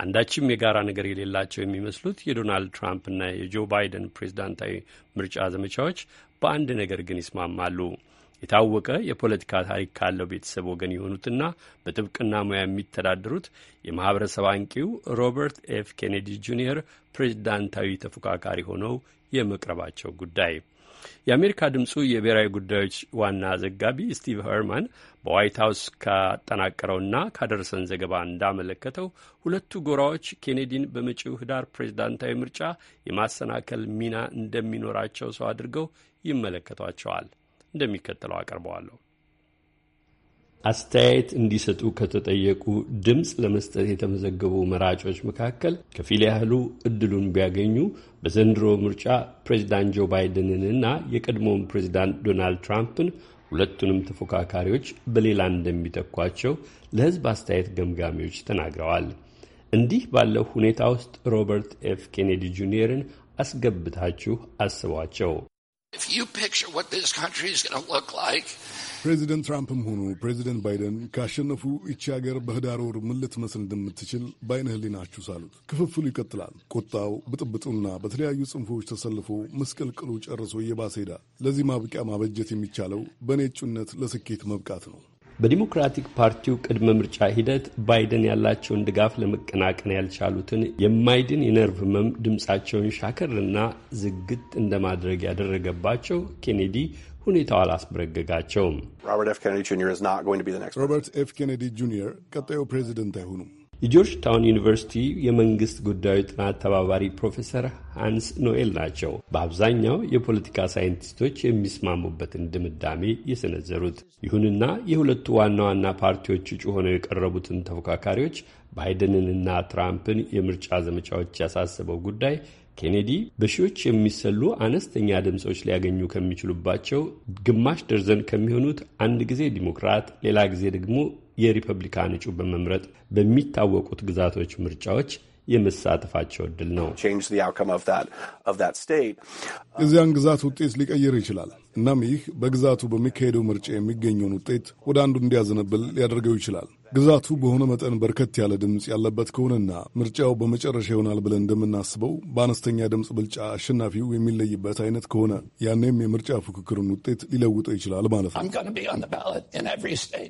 አንዳችም የጋራ ነገር የሌላቸው የሚመስሉት የዶናልድ ትራምፕና የጆ ባይደን ፕሬዚዳንታዊ ምርጫ ዘመቻዎች በአንድ ነገር ግን ይስማማሉ። የታወቀ የፖለቲካ ታሪክ ካለው ቤተሰብ ወገን የሆኑትና በጥብቅና ሙያ የሚተዳደሩት የማኅበረሰብ አንቂው ሮበርት ኤፍ ኬኔዲ ጁኒየር ፕሬዚዳንታዊ ተፎካካሪ ሆነው የመቅረባቸው ጉዳይ የአሜሪካ ድምፁ የብሔራዊ ጉዳዮች ዋና ዘጋቢ ስቲቭ ኸርማን በዋይት ሀውስ ካጠናቀረውና ካደረሰን ዘገባ እንዳመለከተው ሁለቱ ጎራዎች ኬኔዲን በመጪው ህዳር ፕሬዝዳንታዊ ምርጫ የማሰናከል ሚና እንደሚኖራቸው ሰው አድርገው ይመለከቷቸዋል። እንደሚከተለው አቀርበዋለሁ። አስተያየት እንዲሰጡ ከተጠየቁ ድምፅ ለመስጠት የተመዘገቡ መራጮች መካከል ከፊል ያህሉ እድሉን ቢያገኙ በዘንድሮ ምርጫ ፕሬዚዳንት ጆ ባይደንንና የቀድሞውን ፕሬዚዳንት ዶናልድ ትራምፕን ሁለቱንም ተፎካካሪዎች በሌላ እንደሚተኳቸው ለሕዝብ አስተያየት ገምጋሚዎች ተናግረዋል። እንዲህ ባለው ሁኔታ ውስጥ ሮበርት ኤፍ ኬኔዲ ጁኒየርን አስገብታችሁ አስቧቸው። ፕሬዚደንት ትራምፕም ሆኑ ፕሬዚደንት ባይደን ካሸነፉ ይቺ ሀገር በህዳር ወር ምን ልትመስል እንደምትችል በአይነ ህሊናችሁ ሳሉት። ክፍፍሉ ይቀጥላል። ቁጣው፣ ብጥብጡና በተለያዩ ጽንፎች ተሰልፎ መስቀልቅሉ ጨርሶ እየባሰ ሄዳል። ለዚህ ማብቂያ ማበጀት የሚቻለው በእኔ እጩነት ለስኬት መብቃት ነው። በዲሞክራቲክ ፓርቲው ቅድመ ምርጫ ሂደት ባይደን ያላቸውን ድጋፍ ለመቀናቀን ያልቻሉትን የማይድን የነርቭ ህመም ድምፃቸውን ሻከርና ዝግት እንደማድረግ ያደረገባቸው ኬኔዲ ሁኔታው አላስበረገጋቸውም። ሮበርት ኤፍ ኬኔዲ ጁኒየር ቀጣዩ ፕሬዚደንት አይሆኑም። የጆርጅ ታውን ዩኒቨርሲቲ የመንግስት ጉዳዮች ጥናት ተባባሪ ፕሮፌሰር ሃንስ ኖኤል ናቸው። በአብዛኛው የፖለቲካ ሳይንቲስቶች የሚስማሙበትን ድምዳሜ የሰነዘሩት። ይሁንና የሁለቱ ዋና ዋና ፓርቲዎች እጩ ሆነው የቀረቡትን ተፎካካሪዎች ባይደንንና ትራምፕን የምርጫ ዘመቻዎች ያሳሰበው ጉዳይ ኬኔዲ በሺዎች የሚሰሉ አነስተኛ ድምፆች ሊያገኙ ከሚችሉባቸው ግማሽ ደርዘን ከሚሆኑት አንድ ጊዜ ዲሞክራት ሌላ ጊዜ ደግሞ የሪፐብሊካን እጩ በመምረጥ በሚታወቁት ግዛቶች ምርጫዎች የመሳተፋቸው እድል ነው። የዚያን ግዛት ውጤት ሊቀይር ይችላል። እናም ይህ በግዛቱ በሚካሄደው ምርጫ የሚገኘውን ውጤት ወደ አንዱ እንዲያዘነብል ሊያደርገው ይችላል። ግዛቱ በሆነ መጠን በርከት ያለ ድምፅ ያለበት ከሆነና ምርጫው በመጨረሻ ይሆናል ብለን እንደምናስበው በአነስተኛ ድምፅ ብልጫ አሸናፊው የሚለይበት አይነት ከሆነ ያኔም የምርጫ ፉክክርን ውጤት ሊለውጠው ይችላል ማለት ነው።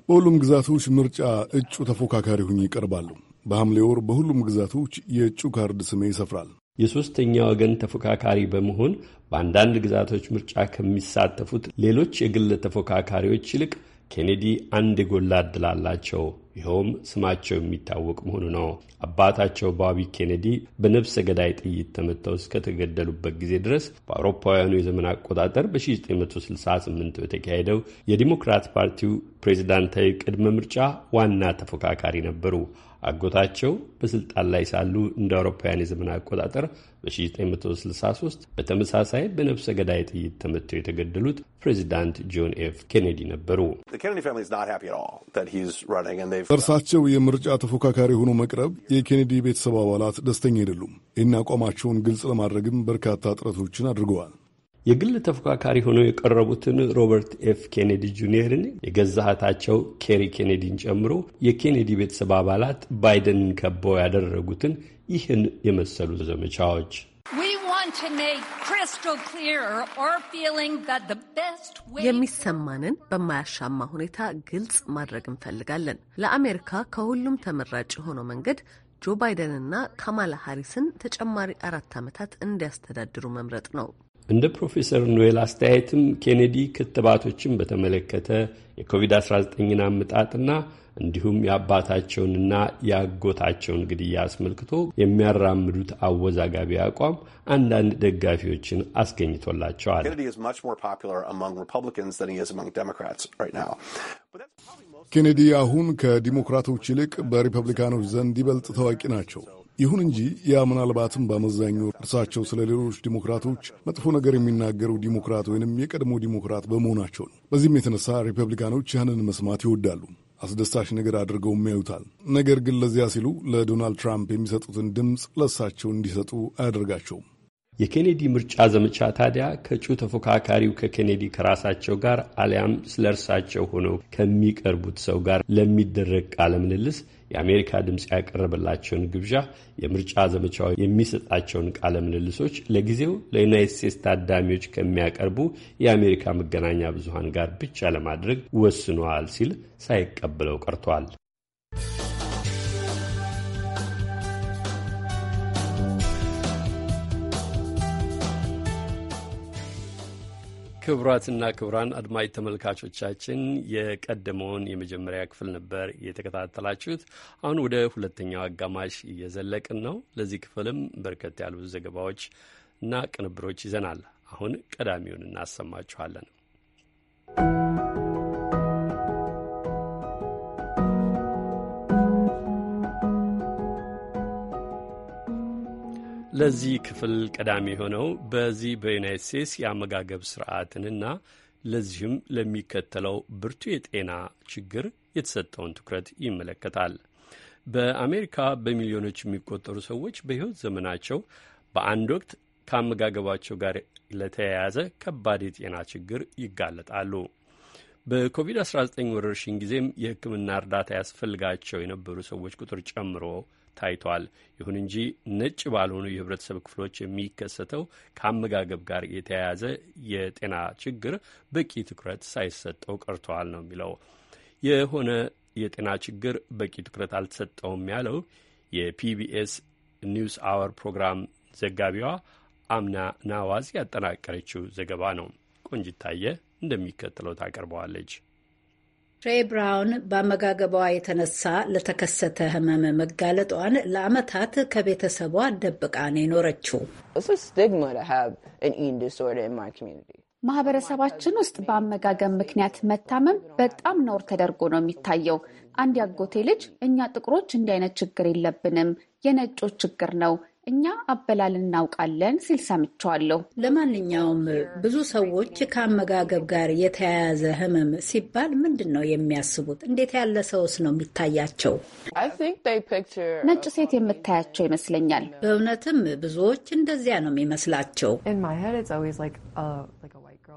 በሁሉም ግዛቶች ምርጫ እጩ ተፎካካሪ ሁኝ ይቀርባሉ። በሐምሌ ወር በሁሉም ግዛቶች የእጩ ካርድ ስሜ ይሰፍራል። የሶስተኛ ወገን ተፎካካሪ በመሆን በአንዳንድ ግዛቶች ምርጫ ከሚሳተፉት ሌሎች የግል ተፎካካሪዎች ይልቅ ኬኔዲ አንድ የጎላ እድል አላቸው። ይኸውም ስማቸው የሚታወቅ መሆኑ ነው። አባታቸው ባቢ ኬኔዲ በነፍሰ ገዳይ ጥይት ተመተው እስከተገደሉበት ጊዜ ድረስ በአውሮፓውያኑ የዘመን አቆጣጠር በ1968 በተካሄደው የዲሞክራት ፓርቲው ፕሬዚዳንታዊ ቅድመ ምርጫ ዋና ተፎካካሪ ነበሩ። አጎታቸው በስልጣን ላይ ሳሉ እንደ አውሮፓውያን የዘመን አቆጣጠር በ1963 በተመሳሳይ በነፍሰ ገዳይ ጥይት ተመተው የተገደሉት ፕሬዚዳንት ጆን ኤፍ ኬኔዲ ነበሩ። እርሳቸው የምርጫ ተፎካካሪ ሆኖ መቅረብ የኬኔዲ ቤተሰብ አባላት ደስተኛ አይደሉም። ይህን አቋማቸውን ግልጽ ለማድረግም በርካታ ጥረቶችን አድርገዋል። የግል ተፎካካሪ ሆነው የቀረቡትን ሮበርት ኤፍ ኬኔዲ ጁኒየርን የገዛ እህታቸው ኬሪ ኬኔዲን ጨምሮ የኬኔዲ ቤተሰብ አባላት ባይደንን ከበው ያደረጉትን ይህን የመሰሉ ዘመቻዎች የሚሰማንን በማያሻማ ሁኔታ ግልጽ ማድረግ እንፈልጋለን። ለአሜሪካ ከሁሉም ተመራጭ የሆነው መንገድ ጆ ባይደንና ካማላ ሀሪስን ተጨማሪ አራት ዓመታት እንዲያስተዳድሩ መምረጥ ነው። እንደ ፕሮፌሰር ኖዌል አስተያየትም ኬኔዲ ክትባቶችን በተመለከተ የኮቪድ-19ን አመጣጥና እንዲሁም የአባታቸውንና የአጎታቸውን ግድያ አስመልክቶ የሚያራምዱት አወዛጋቢ አቋም አንዳንድ ደጋፊዎችን አስገኝቶላቸዋል። ኬኔዲ አሁን ከዲሞክራቶች ይልቅ በሪፐብሊካኖች ዘንድ ይበልጥ ታዋቂ ናቸው። ይሁን እንጂ ያ ምናልባትም በአመዛኙ እርሳቸው ስለ ሌሎች ዲሞክራቶች መጥፎ ነገር የሚናገሩ ዲሞክራት ወይንም የቀድሞ ዲሞክራት በመሆናቸው ነው። በዚህም የተነሳ ሪፐብሊካኖች ያንን መስማት ይወዳሉ፣ አስደሳች ነገር አድርገውም ያዩታል። ነገር ግን ለዚያ ሲሉ ለዶናልድ ትራምፕ የሚሰጡትን ድምፅ ለእሳቸው እንዲሰጡ አያደርጋቸውም። የኬኔዲ ምርጫ ዘመቻ ታዲያ ከእጩ ተፎካካሪው ከኬኔዲ ከራሳቸው ጋር አሊያም ስለ እርሳቸው ሆነው ከሚቀርቡት ሰው ጋር ለሚደረግ ቃለ ምልልስ የአሜሪካ ድምፅ ያቀረበላቸውን ግብዣ፣ የምርጫ ዘመቻው የሚሰጣቸውን ቃለ ምልልሶች ለጊዜው ለዩናይት ስቴትስ ታዳሚዎች ከሚያቀርቡ የአሜሪካ መገናኛ ብዙሃን ጋር ብቻ ለማድረግ ወስኗል ሲል ሳይቀበለው ቀርቷል። ክቡራትና ክቡራን አድማጭ ተመልካቾቻችን የቀደመውን የመጀመሪያ ክፍል ነበር የተከታተላችሁት። አሁን ወደ ሁለተኛው አጋማሽ እየዘለቅን ነው። ለዚህ ክፍልም በርከት ያሉ ዘገባዎች እና ቅንብሮች ይዘናል። አሁን ቀዳሚውን እናሰማችኋለን። ለዚህ ክፍል ቀዳሚ የሆነው በዚህ በዩናይት ስቴትስ የአመጋገብ ስርዓትንና ለዚህም ለሚከተለው ብርቱ የጤና ችግር የተሰጠውን ትኩረት ይመለከታል። በአሜሪካ በሚሊዮኖች የሚቆጠሩ ሰዎች በሕይወት ዘመናቸው በአንድ ወቅት ከአመጋገባቸው ጋር ለተያያዘ ከባድ የጤና ችግር ይጋለጣሉ። በኮቪድ-19 ወረርሽኝ ጊዜም የሕክምና እርዳታ ያስፈልጋቸው የነበሩ ሰዎች ቁጥር ጨምሮ ታይቷል። ይሁን እንጂ ነጭ ባልሆኑ የህብረተሰብ ክፍሎች የሚከሰተው ከአመጋገብ ጋር የተያያዘ የጤና ችግር በቂ ትኩረት ሳይሰጠው ቀርተዋል ነው የሚለው። የሆነ የጤና ችግር በቂ ትኩረት አልተሰጠውም ያለው የፒቢኤስ ኒውስ አወር ፕሮግራም ዘጋቢዋ አምና ናዋዝ ያጠናቀረችው ዘገባ ነው። ቆንጅታየ እንደሚከተለው ታቀርበዋለች። ሬይ ብራውን በአመጋገቧ የተነሳ ለተከሰተ ህመም መጋለጧን ለአመታት ከቤተሰቧ ደብቃ ነው የኖረችው። ማህበረሰባችን ውስጥ በአመጋገብ ምክንያት መታመም በጣም ነውር ተደርጎ ነው የሚታየው። አንድ ያጎቴ ልጅ እኛ ጥቁሮች እንዲህ አይነት ችግር የለብንም፣ የነጮች ችግር ነው እኛ አበላል እናውቃለን ሲል ሰምቸዋለሁ። ለማንኛውም ብዙ ሰዎች ከአመጋገብ ጋር የተያያዘ ህመም ሲባል ምንድን ነው የሚያስቡት? እንዴት ያለ ሰውስ ነው የሚታያቸው? ነጭ ሴት የምታያቸው ይመስለኛል። በእውነትም ብዙዎች እንደዚያ ነው የሚመስላቸው።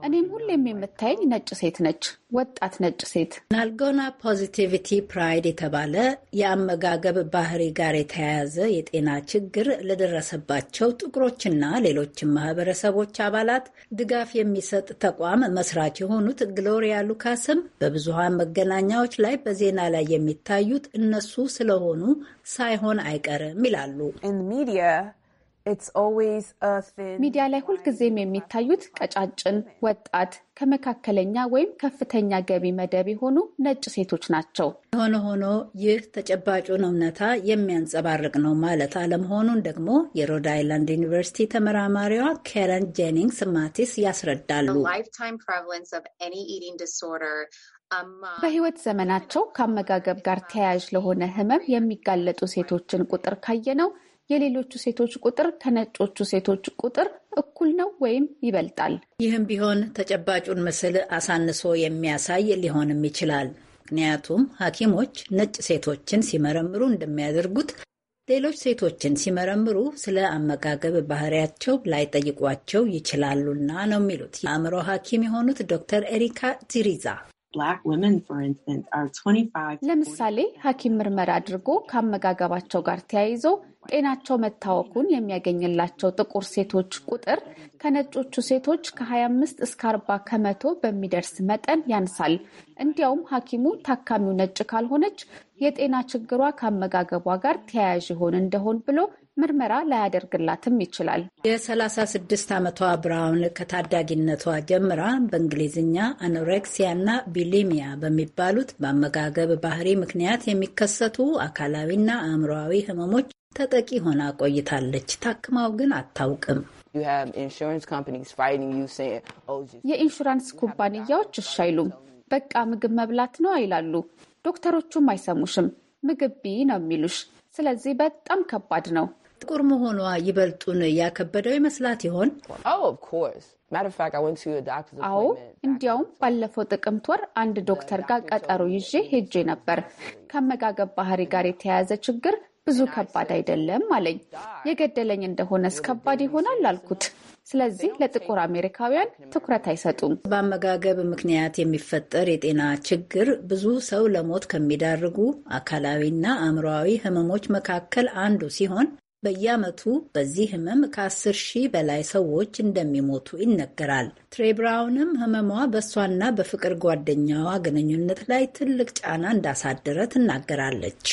እኔም ሁሌም የምታየኝ ነጭ ሴት ነች፣ ወጣት ነጭ ሴት። ናልጎና ፖዚቲቪቲ ፕራይድ የተባለ የአመጋገብ ባህሪ ጋር የተያያዘ የጤና ችግር ለደረሰባቸው ጥቁሮችና ሌሎችን ማህበረሰቦች አባላት ድጋፍ የሚሰጥ ተቋም መስራች የሆኑት ግሎሪያ ሉካስም በብዙሃን መገናኛዎች ላይ በዜና ላይ የሚታዩት እነሱ ስለሆኑ ሳይሆን አይቀርም ይላሉ። ሚዲያ ላይ ሁልጊዜም የሚታዩት ቀጫጭን፣ ወጣት፣ ከመካከለኛ ወይም ከፍተኛ ገቢ መደብ የሆኑ ነጭ ሴቶች ናቸው። የሆነ ሆኖ ይህ ተጨባጩን እውነታ የሚያንጸባርቅ ነው ማለት አለመሆኑን ደግሞ የሮድ አይላንድ ዩኒቨርሲቲ ተመራማሪዋ ኬረን ጄኒንግስ ማቲስ ያስረዳሉ። በሕይወት ዘመናቸው ከአመጋገብ ጋር ተያያዥ ለሆነ ህመም የሚጋለጡ ሴቶችን ቁጥር ካየነው የሌሎቹ ሴቶች ቁጥር ከነጮቹ ሴቶች ቁጥር እኩል ነው ወይም ይበልጣል። ይህም ቢሆን ተጨባጩን ምስል አሳንሶ የሚያሳይ ሊሆንም ይችላል። ምክንያቱም ሐኪሞች ነጭ ሴቶችን ሲመረምሩ እንደሚያደርጉት ሌሎች ሴቶችን ሲመረምሩ ስለ አመጋገብ ባህሪያቸው ላይጠይቋቸው ይችላሉና ነው የሚሉት የአእምሮ ሐኪም የሆኑት ዶክተር ኤሪካ ዚሪዛ ለምሳሌ ሐኪም ምርመራ አድርጎ ከአመጋገባቸው ጋር ተያይዞ ጤናቸው መታወኩን የሚያገኝላቸው ጥቁር ሴቶች ቁጥር ከነጮቹ ሴቶች ከ25 እስከ 40 ከመቶ በሚደርስ መጠን ያንሳል። እንዲያውም ሐኪሙ ታካሚው ነጭ ካልሆነች የጤና ችግሯ ከአመጋገቧ ጋር ተያያዥ ይሆን እንደሆን ብሎ ምርመራ ላያደርግላትም ይችላል። የ36 ዓመቷ ብራውን ከታዳጊነቷ ጀምራ በእንግሊዝኛ አኖሬክሲያ ና ቢሊሚያ በሚባሉት በአመጋገብ ባህሪ ምክንያት የሚከሰቱ አካላዊና አእምሮዊ ህመሞች ተጠቂ ሆና ቆይታለች። ታክማው ግን አታውቅም። oh, የኢንሹራንስ ኩባንያዎች እሺ አይሉም። በቃ ምግብ መብላት ነው አይላሉ። ዶክተሮቹም አይሰሙሽም። ምግብ ቢ ነው የሚሉሽ። ስለዚህ በጣም ከባድ ነው። ጥቁር መሆኗ ይበልጡን ያከበደው ይመስላት ይሆን? Oh, አዎ፣ እንዲያውም ባለፈው ጥቅምት ወር አንድ ዶክተር ጋር ቀጠሮ ይዤ ሄጄ ነበር። ከአመጋገብ ባህሪ ጋር የተያያዘ ችግር ብዙ ከባድ አይደለም አለኝ። የገደለኝ እንደሆነስ ከባድ ይሆናል አልኩት። ስለዚህ ለጥቁር አሜሪካውያን ትኩረት አይሰጡም። በአመጋገብ ምክንያት የሚፈጠር የጤና ችግር ብዙ ሰው ለሞት ከሚዳርጉ አካላዊና አእምሮዊ ሕመሞች መካከል አንዱ ሲሆን በየዓመቱ በዚህ ህመም ከ10 ሺህ በላይ ሰዎች እንደሚሞቱ ይነገራል። ትሬ ብራውንም ህመሟ በእሷና በፍቅር ጓደኛዋ ግንኙነት ላይ ትልቅ ጫና እንዳሳደረ ትናገራለች።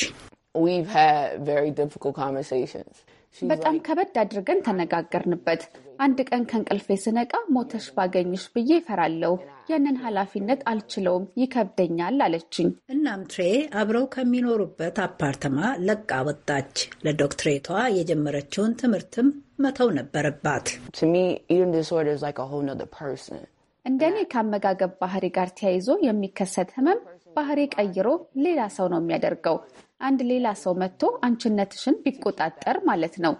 በጣም ከበድ አድርገን ተነጋገርንበት። አንድ ቀን ከእንቅልፌ ስነቃ ሞተሽ ባገኝሽ ብዬ እፈራለሁ። ያንን ኃላፊነት አልችለውም፣ ይከብደኛል አለችኝ። እናም ትሬ አብረው ከሚኖሩበት አፓርተማ ለቃ ወጣች። ለዶክትሬቷ የጀመረችውን ትምህርትም መተው ነበረባት። እንደኔ ከአመጋገብ ባህሪ ጋር ተያይዞ የሚከሰት ህመም ባህሪ ቀይሮ ሌላ ሰው ነው የሚያደርገው። አንድ ሌላ ሰው መጥቶ አንችነትሽን ቢቆጣጠር ማለት ነው።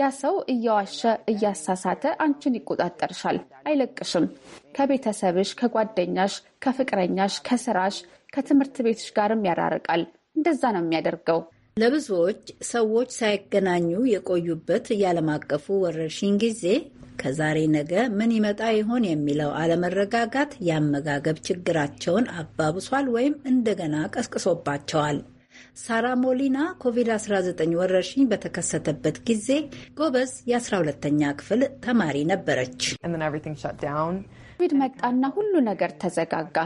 ያ ሰው እያዋሸ እያሳሳተ አንቺን ይቆጣጠርሻል፣ አይለቅሽም። ከቤተሰብሽ፣ ከጓደኛሽ፣ ከፍቅረኛሽ፣ ከስራሽ፣ ከትምህርት ቤትሽ ጋርም ያራርቃል። እንደዛ ነው የሚያደርገው። ለብዙዎች ሰዎች ሳይገናኙ የቆዩበት የዓለም አቀፉ ወረርሽኝ ጊዜ ከዛሬ ነገ ምን ይመጣ ይሆን የሚለው አለመረጋጋት የአመጋገብ ችግራቸውን አባብሷል ወይም እንደገና ቀስቅሶባቸዋል። ሳራ ሞሊና ኮቪድ-19 ወረርሽኝ በተከሰተበት ጊዜ ጎበዝ የ12ተኛ ክፍል ተማሪ ነበረች። ኮቪድ መጣና ሁሉ ነገር ተዘጋጋ።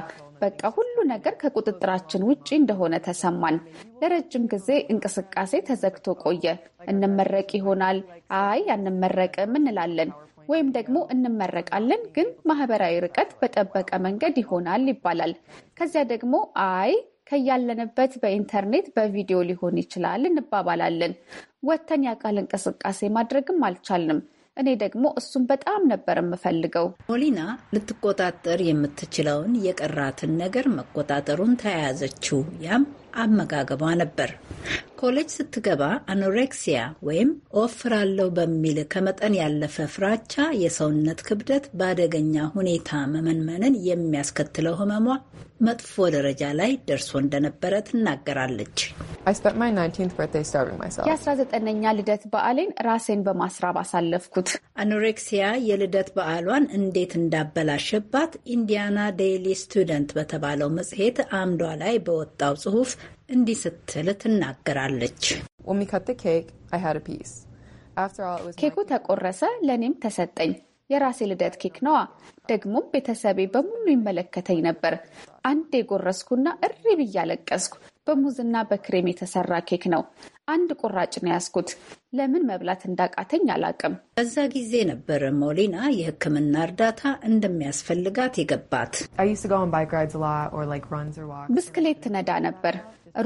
በቃ ሁሉ ነገር ከቁጥጥራችን ውጪ እንደሆነ ተሰማን። ለረጅም ጊዜ እንቅስቃሴ ተዘግቶ ቆየ። እንመረቅ ይሆናል፣ አይ አንመረቅም እንላለን፣ ወይም ደግሞ እንመረቃለን ግን ማህበራዊ ርቀት በጠበቀ መንገድ ይሆናል ይባላል። ከዚያ ደግሞ አይ ከያለንበት በኢንተርኔት በቪዲዮ ሊሆን ይችላል እንባባላለን። ወተን የአካል እንቅስቃሴ ማድረግም አልቻልንም። እኔ ደግሞ እሱን በጣም ነበር የምፈልገው። ሞሊና ልትቆጣጠር የምትችለውን የቀራትን ነገር መቆጣጠሩን ተያያዘችው። ያም አመጋገቧ ነበር። ኮሌጅ ስትገባ አኖሬክሲያ ወይም እወፍራለሁ በሚል ከመጠን ያለፈ ፍራቻ የሰውነት ክብደት በአደገኛ ሁኔታ መመንመንን የሚያስከትለው ህመሟ መጥፎ ደረጃ ላይ ደርሶ እንደነበረ ትናገራለች። የ19ኛ ልደት በዓሌን ራሴን በማስራብ አሳለፍኩት። አኖሬክሲያ የልደት በዓሏን እንዴት እንዳበላሸባት ኢንዲያና ዴይሊ ስቱደንት በተባለው መጽሔት አምዷ ላይ በወጣው ጽሑፍ እንዲህ ስትል ትናገራለች። ኬኩ ተቆረሰ፣ ለእኔም ተሰጠኝ። የራሴ ልደት ኬክ ነዋ። ደግሞም ቤተሰቤ በሙሉ ይመለከተኝ ነበር። አንድ የጎረስኩና እሪ ብዬ አለቀስኩ። በሙዝና በክሬም የተሰራ ኬክ ነው። አንድ ቁራጭ ነው ያስኩት። ለምን መብላት እንዳቃተኝ አላቅም። በዛ ጊዜ ነበረ ሞሊና የሕክምና እርዳታ እንደሚያስፈልጋት የገባት። ብስክሌት ትነዳ ነበር።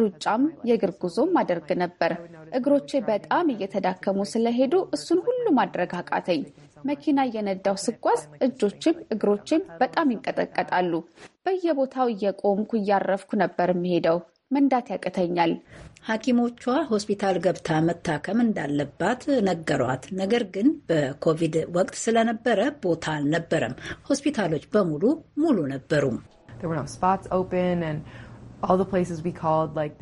ሩጫም የእግር ጉዞም አደርግ ነበር። እግሮቼ በጣም እየተዳከሙ ስለሄዱ እሱን ሁሉ ማድረግ አቃተኝ። መኪና እየነዳው ስጓዝ እጆችም እግሮችም በጣም ይንቀጠቀጣሉ። በየቦታው እየቆምኩ እያረፍኩ ነበር የምሄደው። መንዳት ያቅተኛል። ሐኪሞቿ ሆስፒታል ገብታ መታከም እንዳለባት ነገሯት። ነገር ግን በኮቪድ ወቅት ስለነበረ ቦታ አልነበረም። ሆስፒታሎች በሙሉ ሙሉ ነበሩ።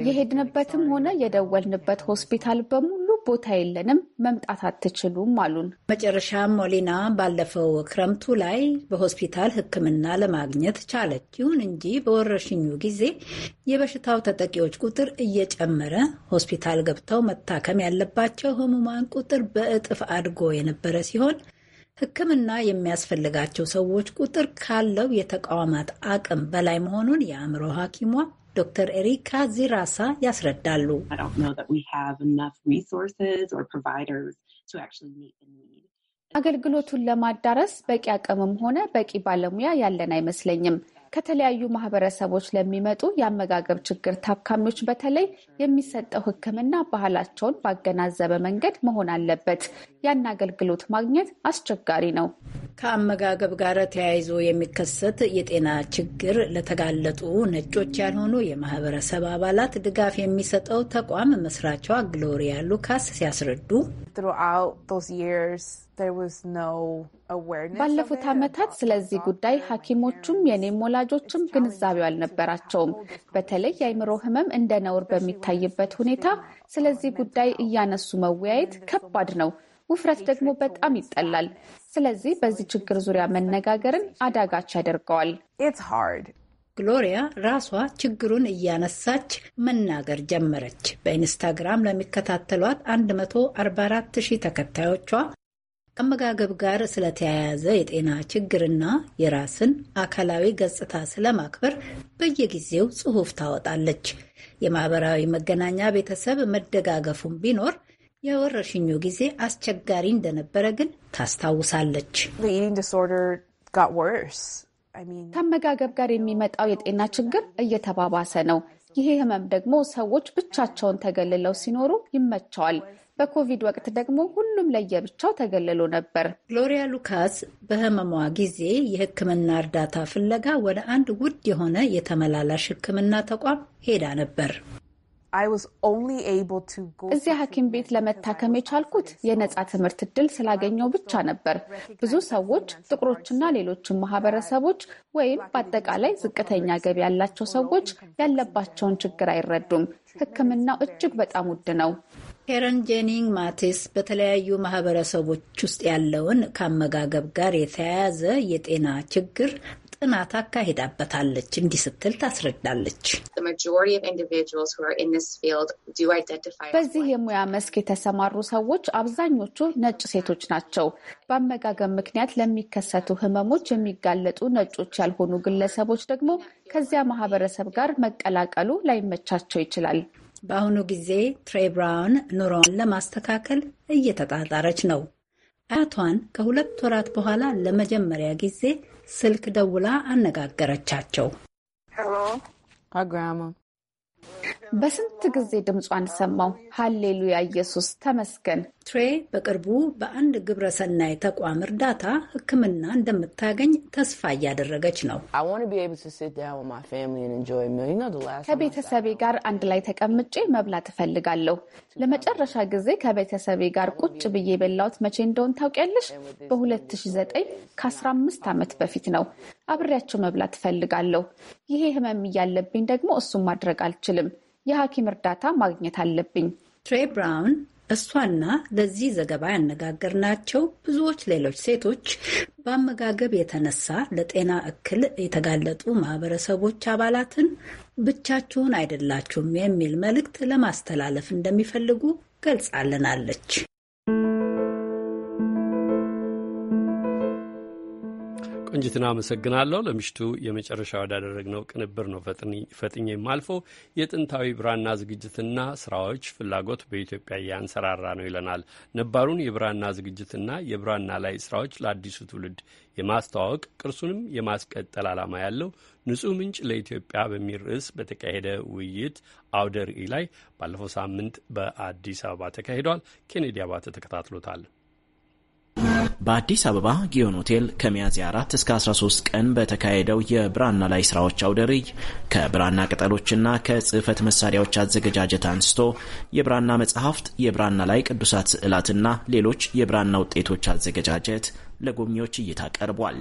የሄድንበትም ሆነ የደወልንበት ሆስፒታል በሙሉ ቦታ የለንም፣ መምጣት አትችሉም አሉን። መጨረሻም ሞሊና ባለፈው ክረምቱ ላይ በሆስፒታል ሕክምና ለማግኘት ቻለች። ይሁን እንጂ በወረርሽኙ ጊዜ የበሽታው ተጠቂዎች ቁጥር እየጨመረ ሆስፒታል ገብተው መታከም ያለባቸው ህሙማን ቁጥር በእጥፍ አድጎ የነበረ ሲሆን ሕክምና የሚያስፈልጋቸው ሰዎች ቁጥር ካለው የተቋማት አቅም በላይ መሆኑን የአእምሮ ሐኪሟ ዶክተር ኤሪካ ዚራሳ ያስረዳሉ። አገልግሎቱን ለማዳረስ በቂ አቅምም ሆነ በቂ ባለሙያ ያለን አይመስለኝም። ከተለያዩ ማህበረሰቦች ለሚመጡ የአመጋገብ ችግር ታካሚዎች በተለይ የሚሰጠው ሕክምና ባህላቸውን ባገናዘበ መንገድ መሆን አለበት። ያን አገልግሎት ማግኘት አስቸጋሪ ነው። ከአመጋገብ ጋር ተያይዞ የሚከሰት የጤና ችግር ለተጋለጡ ነጮች ያልሆኑ የማህበረሰብ አባላት ድጋፍ የሚሰጠው ተቋም መስራቿ ግሎሪያ ሉካስ ሲያስረዱ ባለፉት ዓመታት ስለዚህ ጉዳይ ሐኪሞቹም የኔም ወላጆችም ግንዛቤው አልነበራቸውም። በተለይ የአይምሮ ህመም እንደ ነውር በሚታይበት ሁኔታ ስለዚህ ጉዳይ እያነሱ መወያየት ከባድ ነው። ውፍረት ደግሞ በጣም ይጠላል። ስለዚህ በዚህ ችግር ዙሪያ መነጋገርን አዳጋች ያደርገዋል። ግሎሪያ ራሷ ችግሩን እያነሳች መናገር ጀመረች። በኢንስታግራም ለሚከታተሏት 144 ሺህ ተከታዮቿ ከአመጋገብ ጋር ስለተያያዘ የጤና ችግርና የራስን አካላዊ ገጽታ ስለማክበር በየጊዜው ጽሑፍ ታወጣለች። የማህበራዊ መገናኛ ቤተሰብ መደጋገፉን ቢኖር የወረሽኙ ጊዜ አስቸጋሪ እንደነበረ ግን ታስታውሳለች። ከአመጋገብ ጋር የሚመጣው የጤና ችግር እየተባባሰ ነው። ይሄ ህመም ደግሞ ሰዎች ብቻቸውን ተገልለው ሲኖሩ ይመቸዋል። በኮቪድ ወቅት ደግሞ ሁሉም ለየብቻው ተገልሎ ነበር። ግሎሪያ ሉካስ በህመሟ ጊዜ የህክምና እርዳታ ፍለጋ ወደ አንድ ውድ የሆነ የተመላላሽ ህክምና ተቋም ሄዳ ነበር። እዚያ ሐኪም ቤት ለመታከም የቻልኩት የነጻ ትምህርት እድል ስላገኘው ብቻ ነበር። ብዙ ሰዎች ጥቁሮችና ሌሎችን ማህበረሰቦች ወይም በአጠቃላይ ዝቅተኛ ገቢ ያላቸው ሰዎች ያለባቸውን ችግር አይረዱም። ሕክምናው እጅግ በጣም ውድ ነው። ሄረን ጄኒንግ ማቴስ በተለያዩ ማህበረሰቦች ውስጥ ያለውን ከአመጋገብ ጋር የተያያዘ የጤና ችግር ጥናት አካሂዳበታለች። እንዲህ ስትል ታስረዳለች። በዚህ የሙያ መስክ የተሰማሩ ሰዎች አብዛኞቹ ነጭ ሴቶች ናቸው። በአመጋገብ ምክንያት ለሚከሰቱ ህመሞች የሚጋለጡ ነጮች ያልሆኑ ግለሰቦች ደግሞ ከዚያ ማህበረሰብ ጋር መቀላቀሉ ላይመቻቸው ይችላል። በአሁኑ ጊዜ ትሬ ብራውን ኑሮዋን ለማስተካከል እየተጣጣረች ነው። አያቷን ከሁለት ወራት በኋላ ለመጀመሪያ ጊዜ ስልክ ደውላ አነጋገረቻቸው። በስንት ጊዜ ድምጿን ሰማው። ሀሌሉያ ኢየሱስ ተመስገን ትሬ በቅርቡ በአንድ ሰናይ ተቋም እርዳታ ሕክምና እንደምታገኝ ተስፋ እያደረገች ነው። ከቤተሰቤ ጋር አንድ ላይ ተቀምጬ መብላት እፈልጋለሁ። ለመጨረሻ ጊዜ ከቤተሰቤ ጋር ቁጭ ብዬ የበላሁት መቼ እንደሆን ታውቂያለሽ? በ2009 ከ15 ዓመት በፊት ነው። አብሬያቸው መብላት እፈልጋለሁ። ይሄ ህመም እያለብኝ ደግሞ እሱን ማድረግ አልችልም። የሐኪም እርዳታ ማግኘት አለብኝ። ትሬ ብራውን እሷና ለዚህ ዘገባ ያነጋገርናቸው ብዙዎች ሌሎች ሴቶች በአመጋገብ የተነሳ ለጤና እክል የተጋለጡ ማህበረሰቦች አባላትን ብቻችሁን አይደላችሁም የሚል መልእክት ለማስተላለፍ እንደሚፈልጉ ገልጻልናለች። ቆንጅትና አመሰግናለሁ። ለምሽቱ የመጨረሻ ወዳደረግነው ቅንብር ነው ፈጥኝ የማልፈው። የጥንታዊ ብራና ዝግጅትና ስራዎች ፍላጎት በኢትዮጵያ እያንሰራራ ነው ይለናል። ነባሩን የብራና ዝግጅትና የብራና ላይ ስራዎች ለአዲሱ ትውልድ የማስተዋወቅ ቅርሱንም የማስቀጠል ዓላማ ያለው ንጹህ ምንጭ ለኢትዮጵያ በሚል ርዕስ በተካሄደ ውይይት አውደ ርዕይ ላይ ባለፈው ሳምንት በአዲስ አበባ ተካሂዷል። ኬኔዲ አባተ ተከታትሎታል። በአዲስ አበባ ጊዮን ሆቴል ከሚያዝያ 4 እስከ 13 ቀን በተካሄደው የብራና ላይ ስራዎች አውደ ከብራና ቅጠሎችና ከጽህፈት መሳሪያዎች አዘገጃጀት አንስቶ የብራና መጽሐፍት፣ የብራና ላይ ቅዱሳት ስዕላትና ሌሎች የብራና ውጤቶች አዘገጃጀት ለጎብኚዎች እይታ ቀርቧል።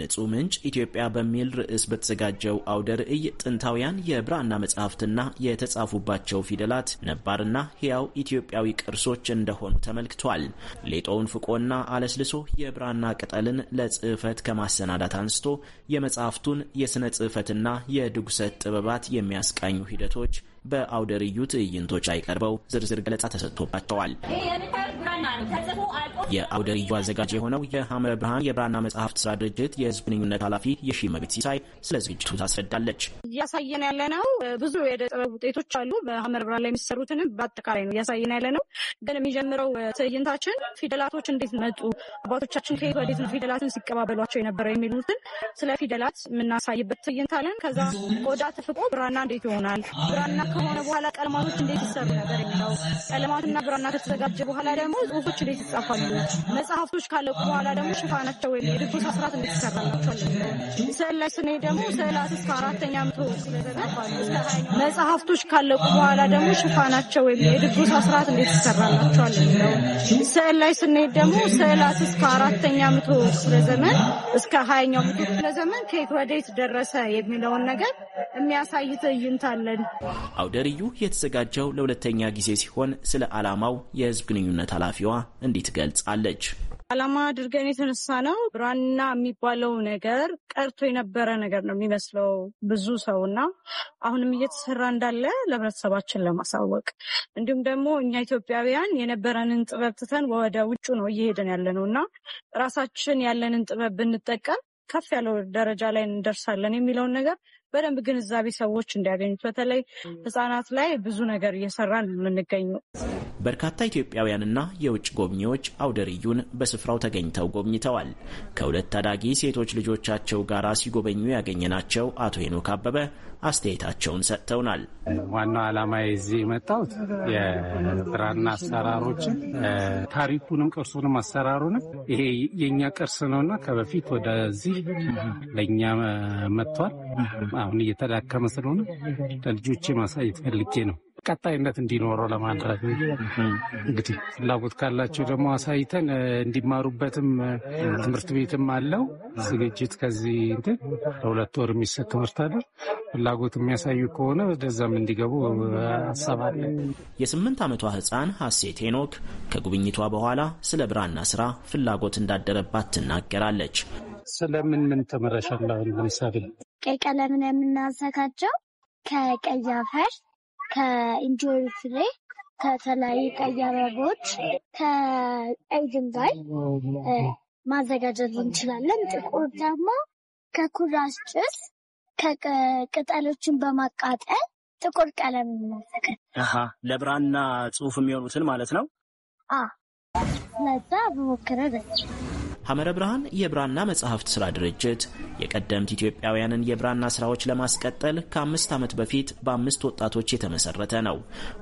ንጹህ ምንጭ ኢትዮጵያ በሚል ርዕስ በተዘጋጀው አውደ ርዕይ ጥንታውያን የብራና መጽሐፍትና የተጻፉባቸው ፊደላት ነባርና ሕያው ኢትዮጵያዊ ቅርሶች እንደሆኑ ተመልክቷል። ሌጦውን ፍቆና አለስልሶ የብራና ቅጠልን ለጽሕፈት ከማሰናዳት አንስቶ የመጽሐፍቱን የሥነ ጽሕፈትና የድጉሰት ጥበባት የሚያስቃኙ ሂደቶች በአውደ ርዕዩ ትዕይንቶች ላይ ቀርበው ዝርዝር ገለጻ ተሰጥቶባቸዋል። የአውደ ርዕዩ አዘጋጅ የሆነው የሐመረ ብርሃን የብራና መጽሐፍት ስራ ድርጅት የህዝብ ግንኙነት ኃላፊ የሺመቤት ሲሳይ ስለ ዝግጅቱ ታስረዳለች። እያሳየን ያለ ነው ብዙ የዕደ ጥበብ ውጤቶች አሉ። በሐመረ ብርሃን ላይ የሚሰሩትንም በአጠቃላይ ነው እያሳየን ያለ ነው። ግን የሚጀምረው ትዕይንታችን ፊደላቶች እንዴት መጡ፣ አባቶቻችን ከየት ወዴት ነው ፊደላትን ሲቀባበሏቸው የነበረው የሚሉትን ስለ ፊደላት የምናሳይበት ትዕይንት አለን። ከዛ ቆዳ ተፍቆ ብራና እንዴት ይሆናል ብራና ከሆነ በኋላ ቀለማቶች እንዴት ይሰሩ ነበር የሚለው ቀለማትና ብራና ከተዘጋጀ በኋላ ደግሞ ጽሁፎች እንዴት ይጻፋሉ፣ መጽሐፍቶች ካለቁ በኋላ ደግሞ ሽፋናቸው ወይም የድጎሳ ስርዓት እንዴት ይሰራላቸዋል። ስዕል ላይ ስንሄድ ደግሞ ስዕላት እስከ አራተኛ መቶ መጽሐፍቶች ካለቁ በኋላ ደግሞ ሽፋናቸው ወይም የድጎሳ ስርዓት እንዴት ይሰራላቸዋል የሚለው ስዕል ላይ ስንሄድ ደግሞ ስዕላት እስከ አራተኛ ምቶ ክፍለ ዘመን እስከ ሀያኛው ምቶ ክፍለ ዘመን ከየት ወዴት ደረሰ የሚለውን ነገር የሚያሳይ ትዕይንት አለን። አውደ ርዕዩ የተዘጋጀው ለሁለተኛ ጊዜ ሲሆን ስለ ዓላማው የህዝብ ግንኙነት ኃላፊዋ እንዲህ ትገልጻለች። ዓላማ አድርገን የተነሳ ነው። ብራና የሚባለው ነገር ቀርቶ የነበረ ነገር ነው የሚመስለው ብዙ ሰው እና አሁንም እየተሰራ እንዳለ ለህብረተሰባችን ለማሳወቅ እንዲሁም ደግሞ እኛ ኢትዮጵያውያን የነበረንን ጥበብ ትተን ወደ ውጩ ነው እየሄደን ያለ ነው እና ራሳችን ያለንን ጥበብ ብንጠቀም ከፍ ያለው ደረጃ ላይ እንደርሳለን የሚለውን ነገር በደንብ ግንዛቤ ሰዎች እንዲያገኙት በተለይ ህጻናት ላይ ብዙ ነገር እየሰራን የምንገኙ በርካታ ኢትዮጵያውያንና የውጭ ጎብኚዎች አውደርዩን በስፍራው ተገኝተው ጎብኝተዋል። ከሁለት ታዳጊ ሴቶች ልጆቻቸው ጋር ሲጎበኙ ያገኘናቸው አቶ ሄኖክ አበበ አስተያየታቸውን ሰጥተውናል። ዋናው ዓላማ የዚህ የመጣሁት የብራና አሰራሮችን ታሪኩንም፣ ቅርሱንም፣ አሰራሩንም ይሄ የእኛ ቅርስ ነውና ከበፊት ወደዚህ ለእኛ መጥቷል። አሁን እየተዳከመ ስለሆነ ለልጆቼ ማሳየት ፈልጌ ነው። ቀጣይነት እንዲኖረው ለማድረግ እንግዲህ ፍላጎት ካላቸው ደግሞ አሳይተን እንዲማሩበትም ትምህርት ቤትም አለው ዝግጅት። ከዚህ እንትን ለሁለት ወር የሚሰጥ ትምህርት አለ። ፍላጎት የሚያሳዩ ከሆነ ወደዛም እንዲገቡ ሀሳብ የስምንት ዓመቷ ህፃን ሀሴት ሄኖክ ከጉብኝቷ በኋላ ስለ ብራና ስራ ፍላጎት እንዳደረባት ትናገራለች። ስለምን ምን ተመረሻል? ለምሳሌ ቀይ ቀለምን የምናዘጋጀው ከቀይ አፈር ከኢንጆሪ ፍሬ ከተለያዩ ቀይ አበቦች ከቀይ ድንጋይ ማዘጋጀት እንችላለን። ጥቁር ደግሞ ከኩራስ ጭስ ቅጠሎችን በማቃጠል ጥቁር ቀለም እናዘጋል። ለብራና ጽሁፍ የሚሆኑትን ማለት ነው። ለዛ በሞክረ ሐመረ ብርሃን የብራና መጽሐፍት ስራ ድርጅት የቀደምት ኢትዮጵያውያንን የብራና ስራዎች ለማስቀጠል ከአምስት ዓመት በፊት በአምስት ወጣቶች የተመሰረተ ነው።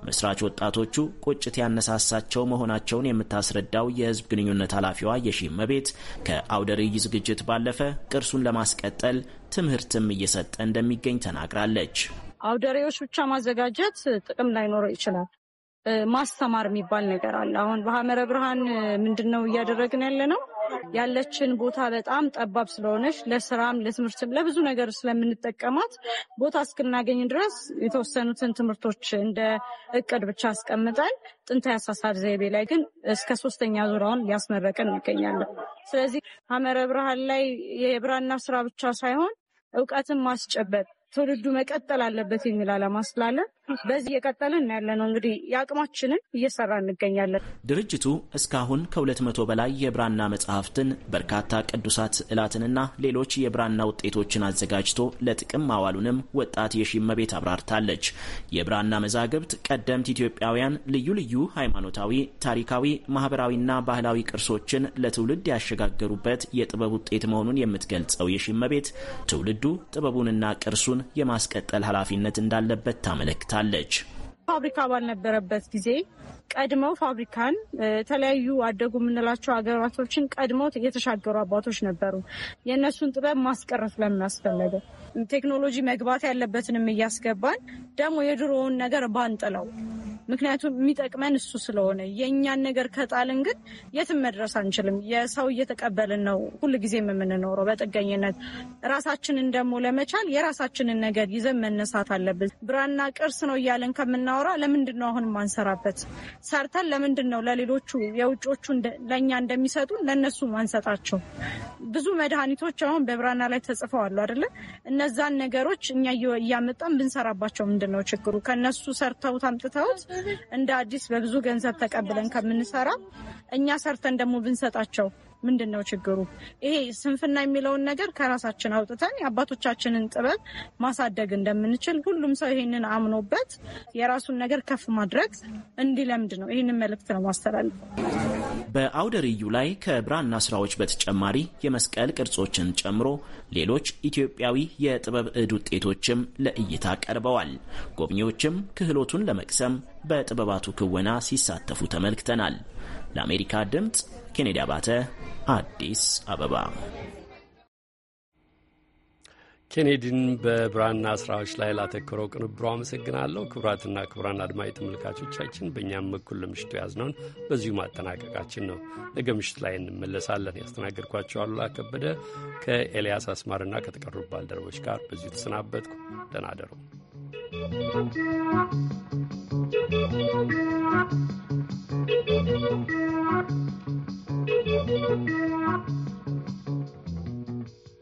መስራች ወጣቶቹ ቁጭት ያነሳሳቸው መሆናቸውን የምታስረዳው የህዝብ ግንኙነት ኃላፊዋ የሺመቤት ከአውደ ርዕይ ዝግጅት ባለፈ ቅርሱን ለማስቀጠል ትምህርትም እየሰጠ እንደሚገኝ ተናግራለች። አውደሬዎች ብቻ ማዘጋጀት ጥቅም ላይኖረው ይችላል። ማስተማር የሚባል ነገር አለ። አሁን በሐመረ ብርሃን ምንድን ነው እያደረግን ያለ ነው? ያለችን ቦታ በጣም ጠባብ ስለሆነች ለስራም ለትምህርትም ለብዙ ነገር ስለምንጠቀማት ቦታ እስክናገኝ ድረስ የተወሰኑትን ትምህርቶች እንደ እቅድ ብቻ አስቀምጠን ጥንታዊ አሳሳል ዘይቤ ላይ ግን እስከ ሶስተኛ ዙሪያውን ሊያስመረቅን እንገኛለን። ስለዚህ ሐመረ ብርሃን ላይ የብራና ስራ ብቻ ሳይሆን እውቀትን ማስጨበጥ ትውልዱ መቀጠል አለበት የሚል ዓላማ ስላለን በዚህ እየቀጠልን ያለ ነው። እንግዲህ የአቅማችንን እየሰራ እንገኛለን። ድርጅቱ እስካሁን ከሁለት መቶ በላይ የብራና መጽሐፍትን በርካታ ቅዱሳት ስዕላትንና ሌሎች የብራና ውጤቶችን አዘጋጅቶ ለጥቅም ማዋሉንም ወጣት የሺመቤት አብራርታለች። የብራና መዛግብት ቀደምት ኢትዮጵያውያን ልዩ ልዩ ሃይማኖታዊ፣ ታሪካዊ፣ ማህበራዊና ባህላዊ ቅርሶችን ለትውልድ ያሸጋገሩበት የጥበብ ውጤት መሆኑን የምትገልጸው የሺመቤት ትውልዱ ጥበቡንና ቅርሱን የማስቀጠል ኃላፊነት እንዳለበት ታመለክታል። አስረድታለች። ፋብሪካ ባልነበረበት ጊዜ ቀድመው ፋብሪካን የተለያዩ አደጉ የምንላቸው ሀገራቶችን ቀድመው የተሻገሩ አባቶች ነበሩ። የእነሱን ጥበብ ማስቀረት ለምን አስፈለገ? ቴክኖሎጂ መግባት ያለበትንም እያስገባን ደግሞ የድሮውን ነገር ባንጥለው ምክንያቱም የሚጠቅመን እሱ ስለሆነ የእኛን ነገር ከጣልን ግን የትም መድረስ አንችልም። የሰው እየተቀበልን ነው ሁል ጊዜ የምንኖረው በጥገኝነት። ራሳችንን ደግሞ ለመቻል የራሳችንን ነገር ይዘን መነሳት አለብን። ብራና ቅርስ ነው እያለን ከምናወራ ለምንድን ነው አሁን ማንሰራበት? ሰርተን ለምንድን ነው ለሌሎቹ የውጮቹ ለእኛ እንደሚሰጡ ለእነሱ ማንሰጣቸው? ብዙ መድኃኒቶች አሁን በብራና ላይ ተጽፈው አሉ አይደለ? እነዛን ነገሮች እኛ እያመጣን ብንሰራባቸው ምንድን ነው ችግሩ? ከነሱ ሰርተውት አምጥተውት እንደ አዲስ በብዙ ገንዘብ ተቀብለን ከምንሰራ እኛ ሰርተን ደግሞ ብንሰጣቸው ምንድን ነው ችግሩ? ይሄ ስንፍና የሚለውን ነገር ከራሳችን አውጥተን የአባቶቻችንን ጥበብ ማሳደግ እንደምንችል ሁሉም ሰው ይሄንን አምኖበት የራሱን ነገር ከፍ ማድረግ እንዲለምድ ነው። ይህንን መልእክት ነው ማስተላለፍ። በአውደ ርዕዩ ላይ ከብራና ስራዎች በተጨማሪ የመስቀል ቅርጾችን ጨምሮ ሌሎች ኢትዮጵያዊ የጥበብ እድ ውጤቶችም ለእይታ ቀርበዋል። ጎብኚዎችም ክህሎቱን ለመቅሰም በጥበባቱ ክወና ሲሳተፉ ተመልክተናል። ለአሜሪካ ድምፅ ኬኔዲ አባተ አዲስ አበባ። ኬኔዲን በብራና ስራዎች ላይ ላተኮረው ቅንብሮ አመሰግናለሁ። ክቡራትና ክቡራን አድማጭ ተመልካቾቻችን በእኛም በኩል ለምሽቱ ያዝነውን በዚሁ ማጠናቀቃችን ነው። ነገ ምሽት ላይ እንመለሳለን። ያስተናገድኳቸው አሉላ ከበደ ከኤልያስ አስማርና ከተቀሩ ባልደረቦች ጋር በዚሁ ተሰናበትኩ። ደህና you. Música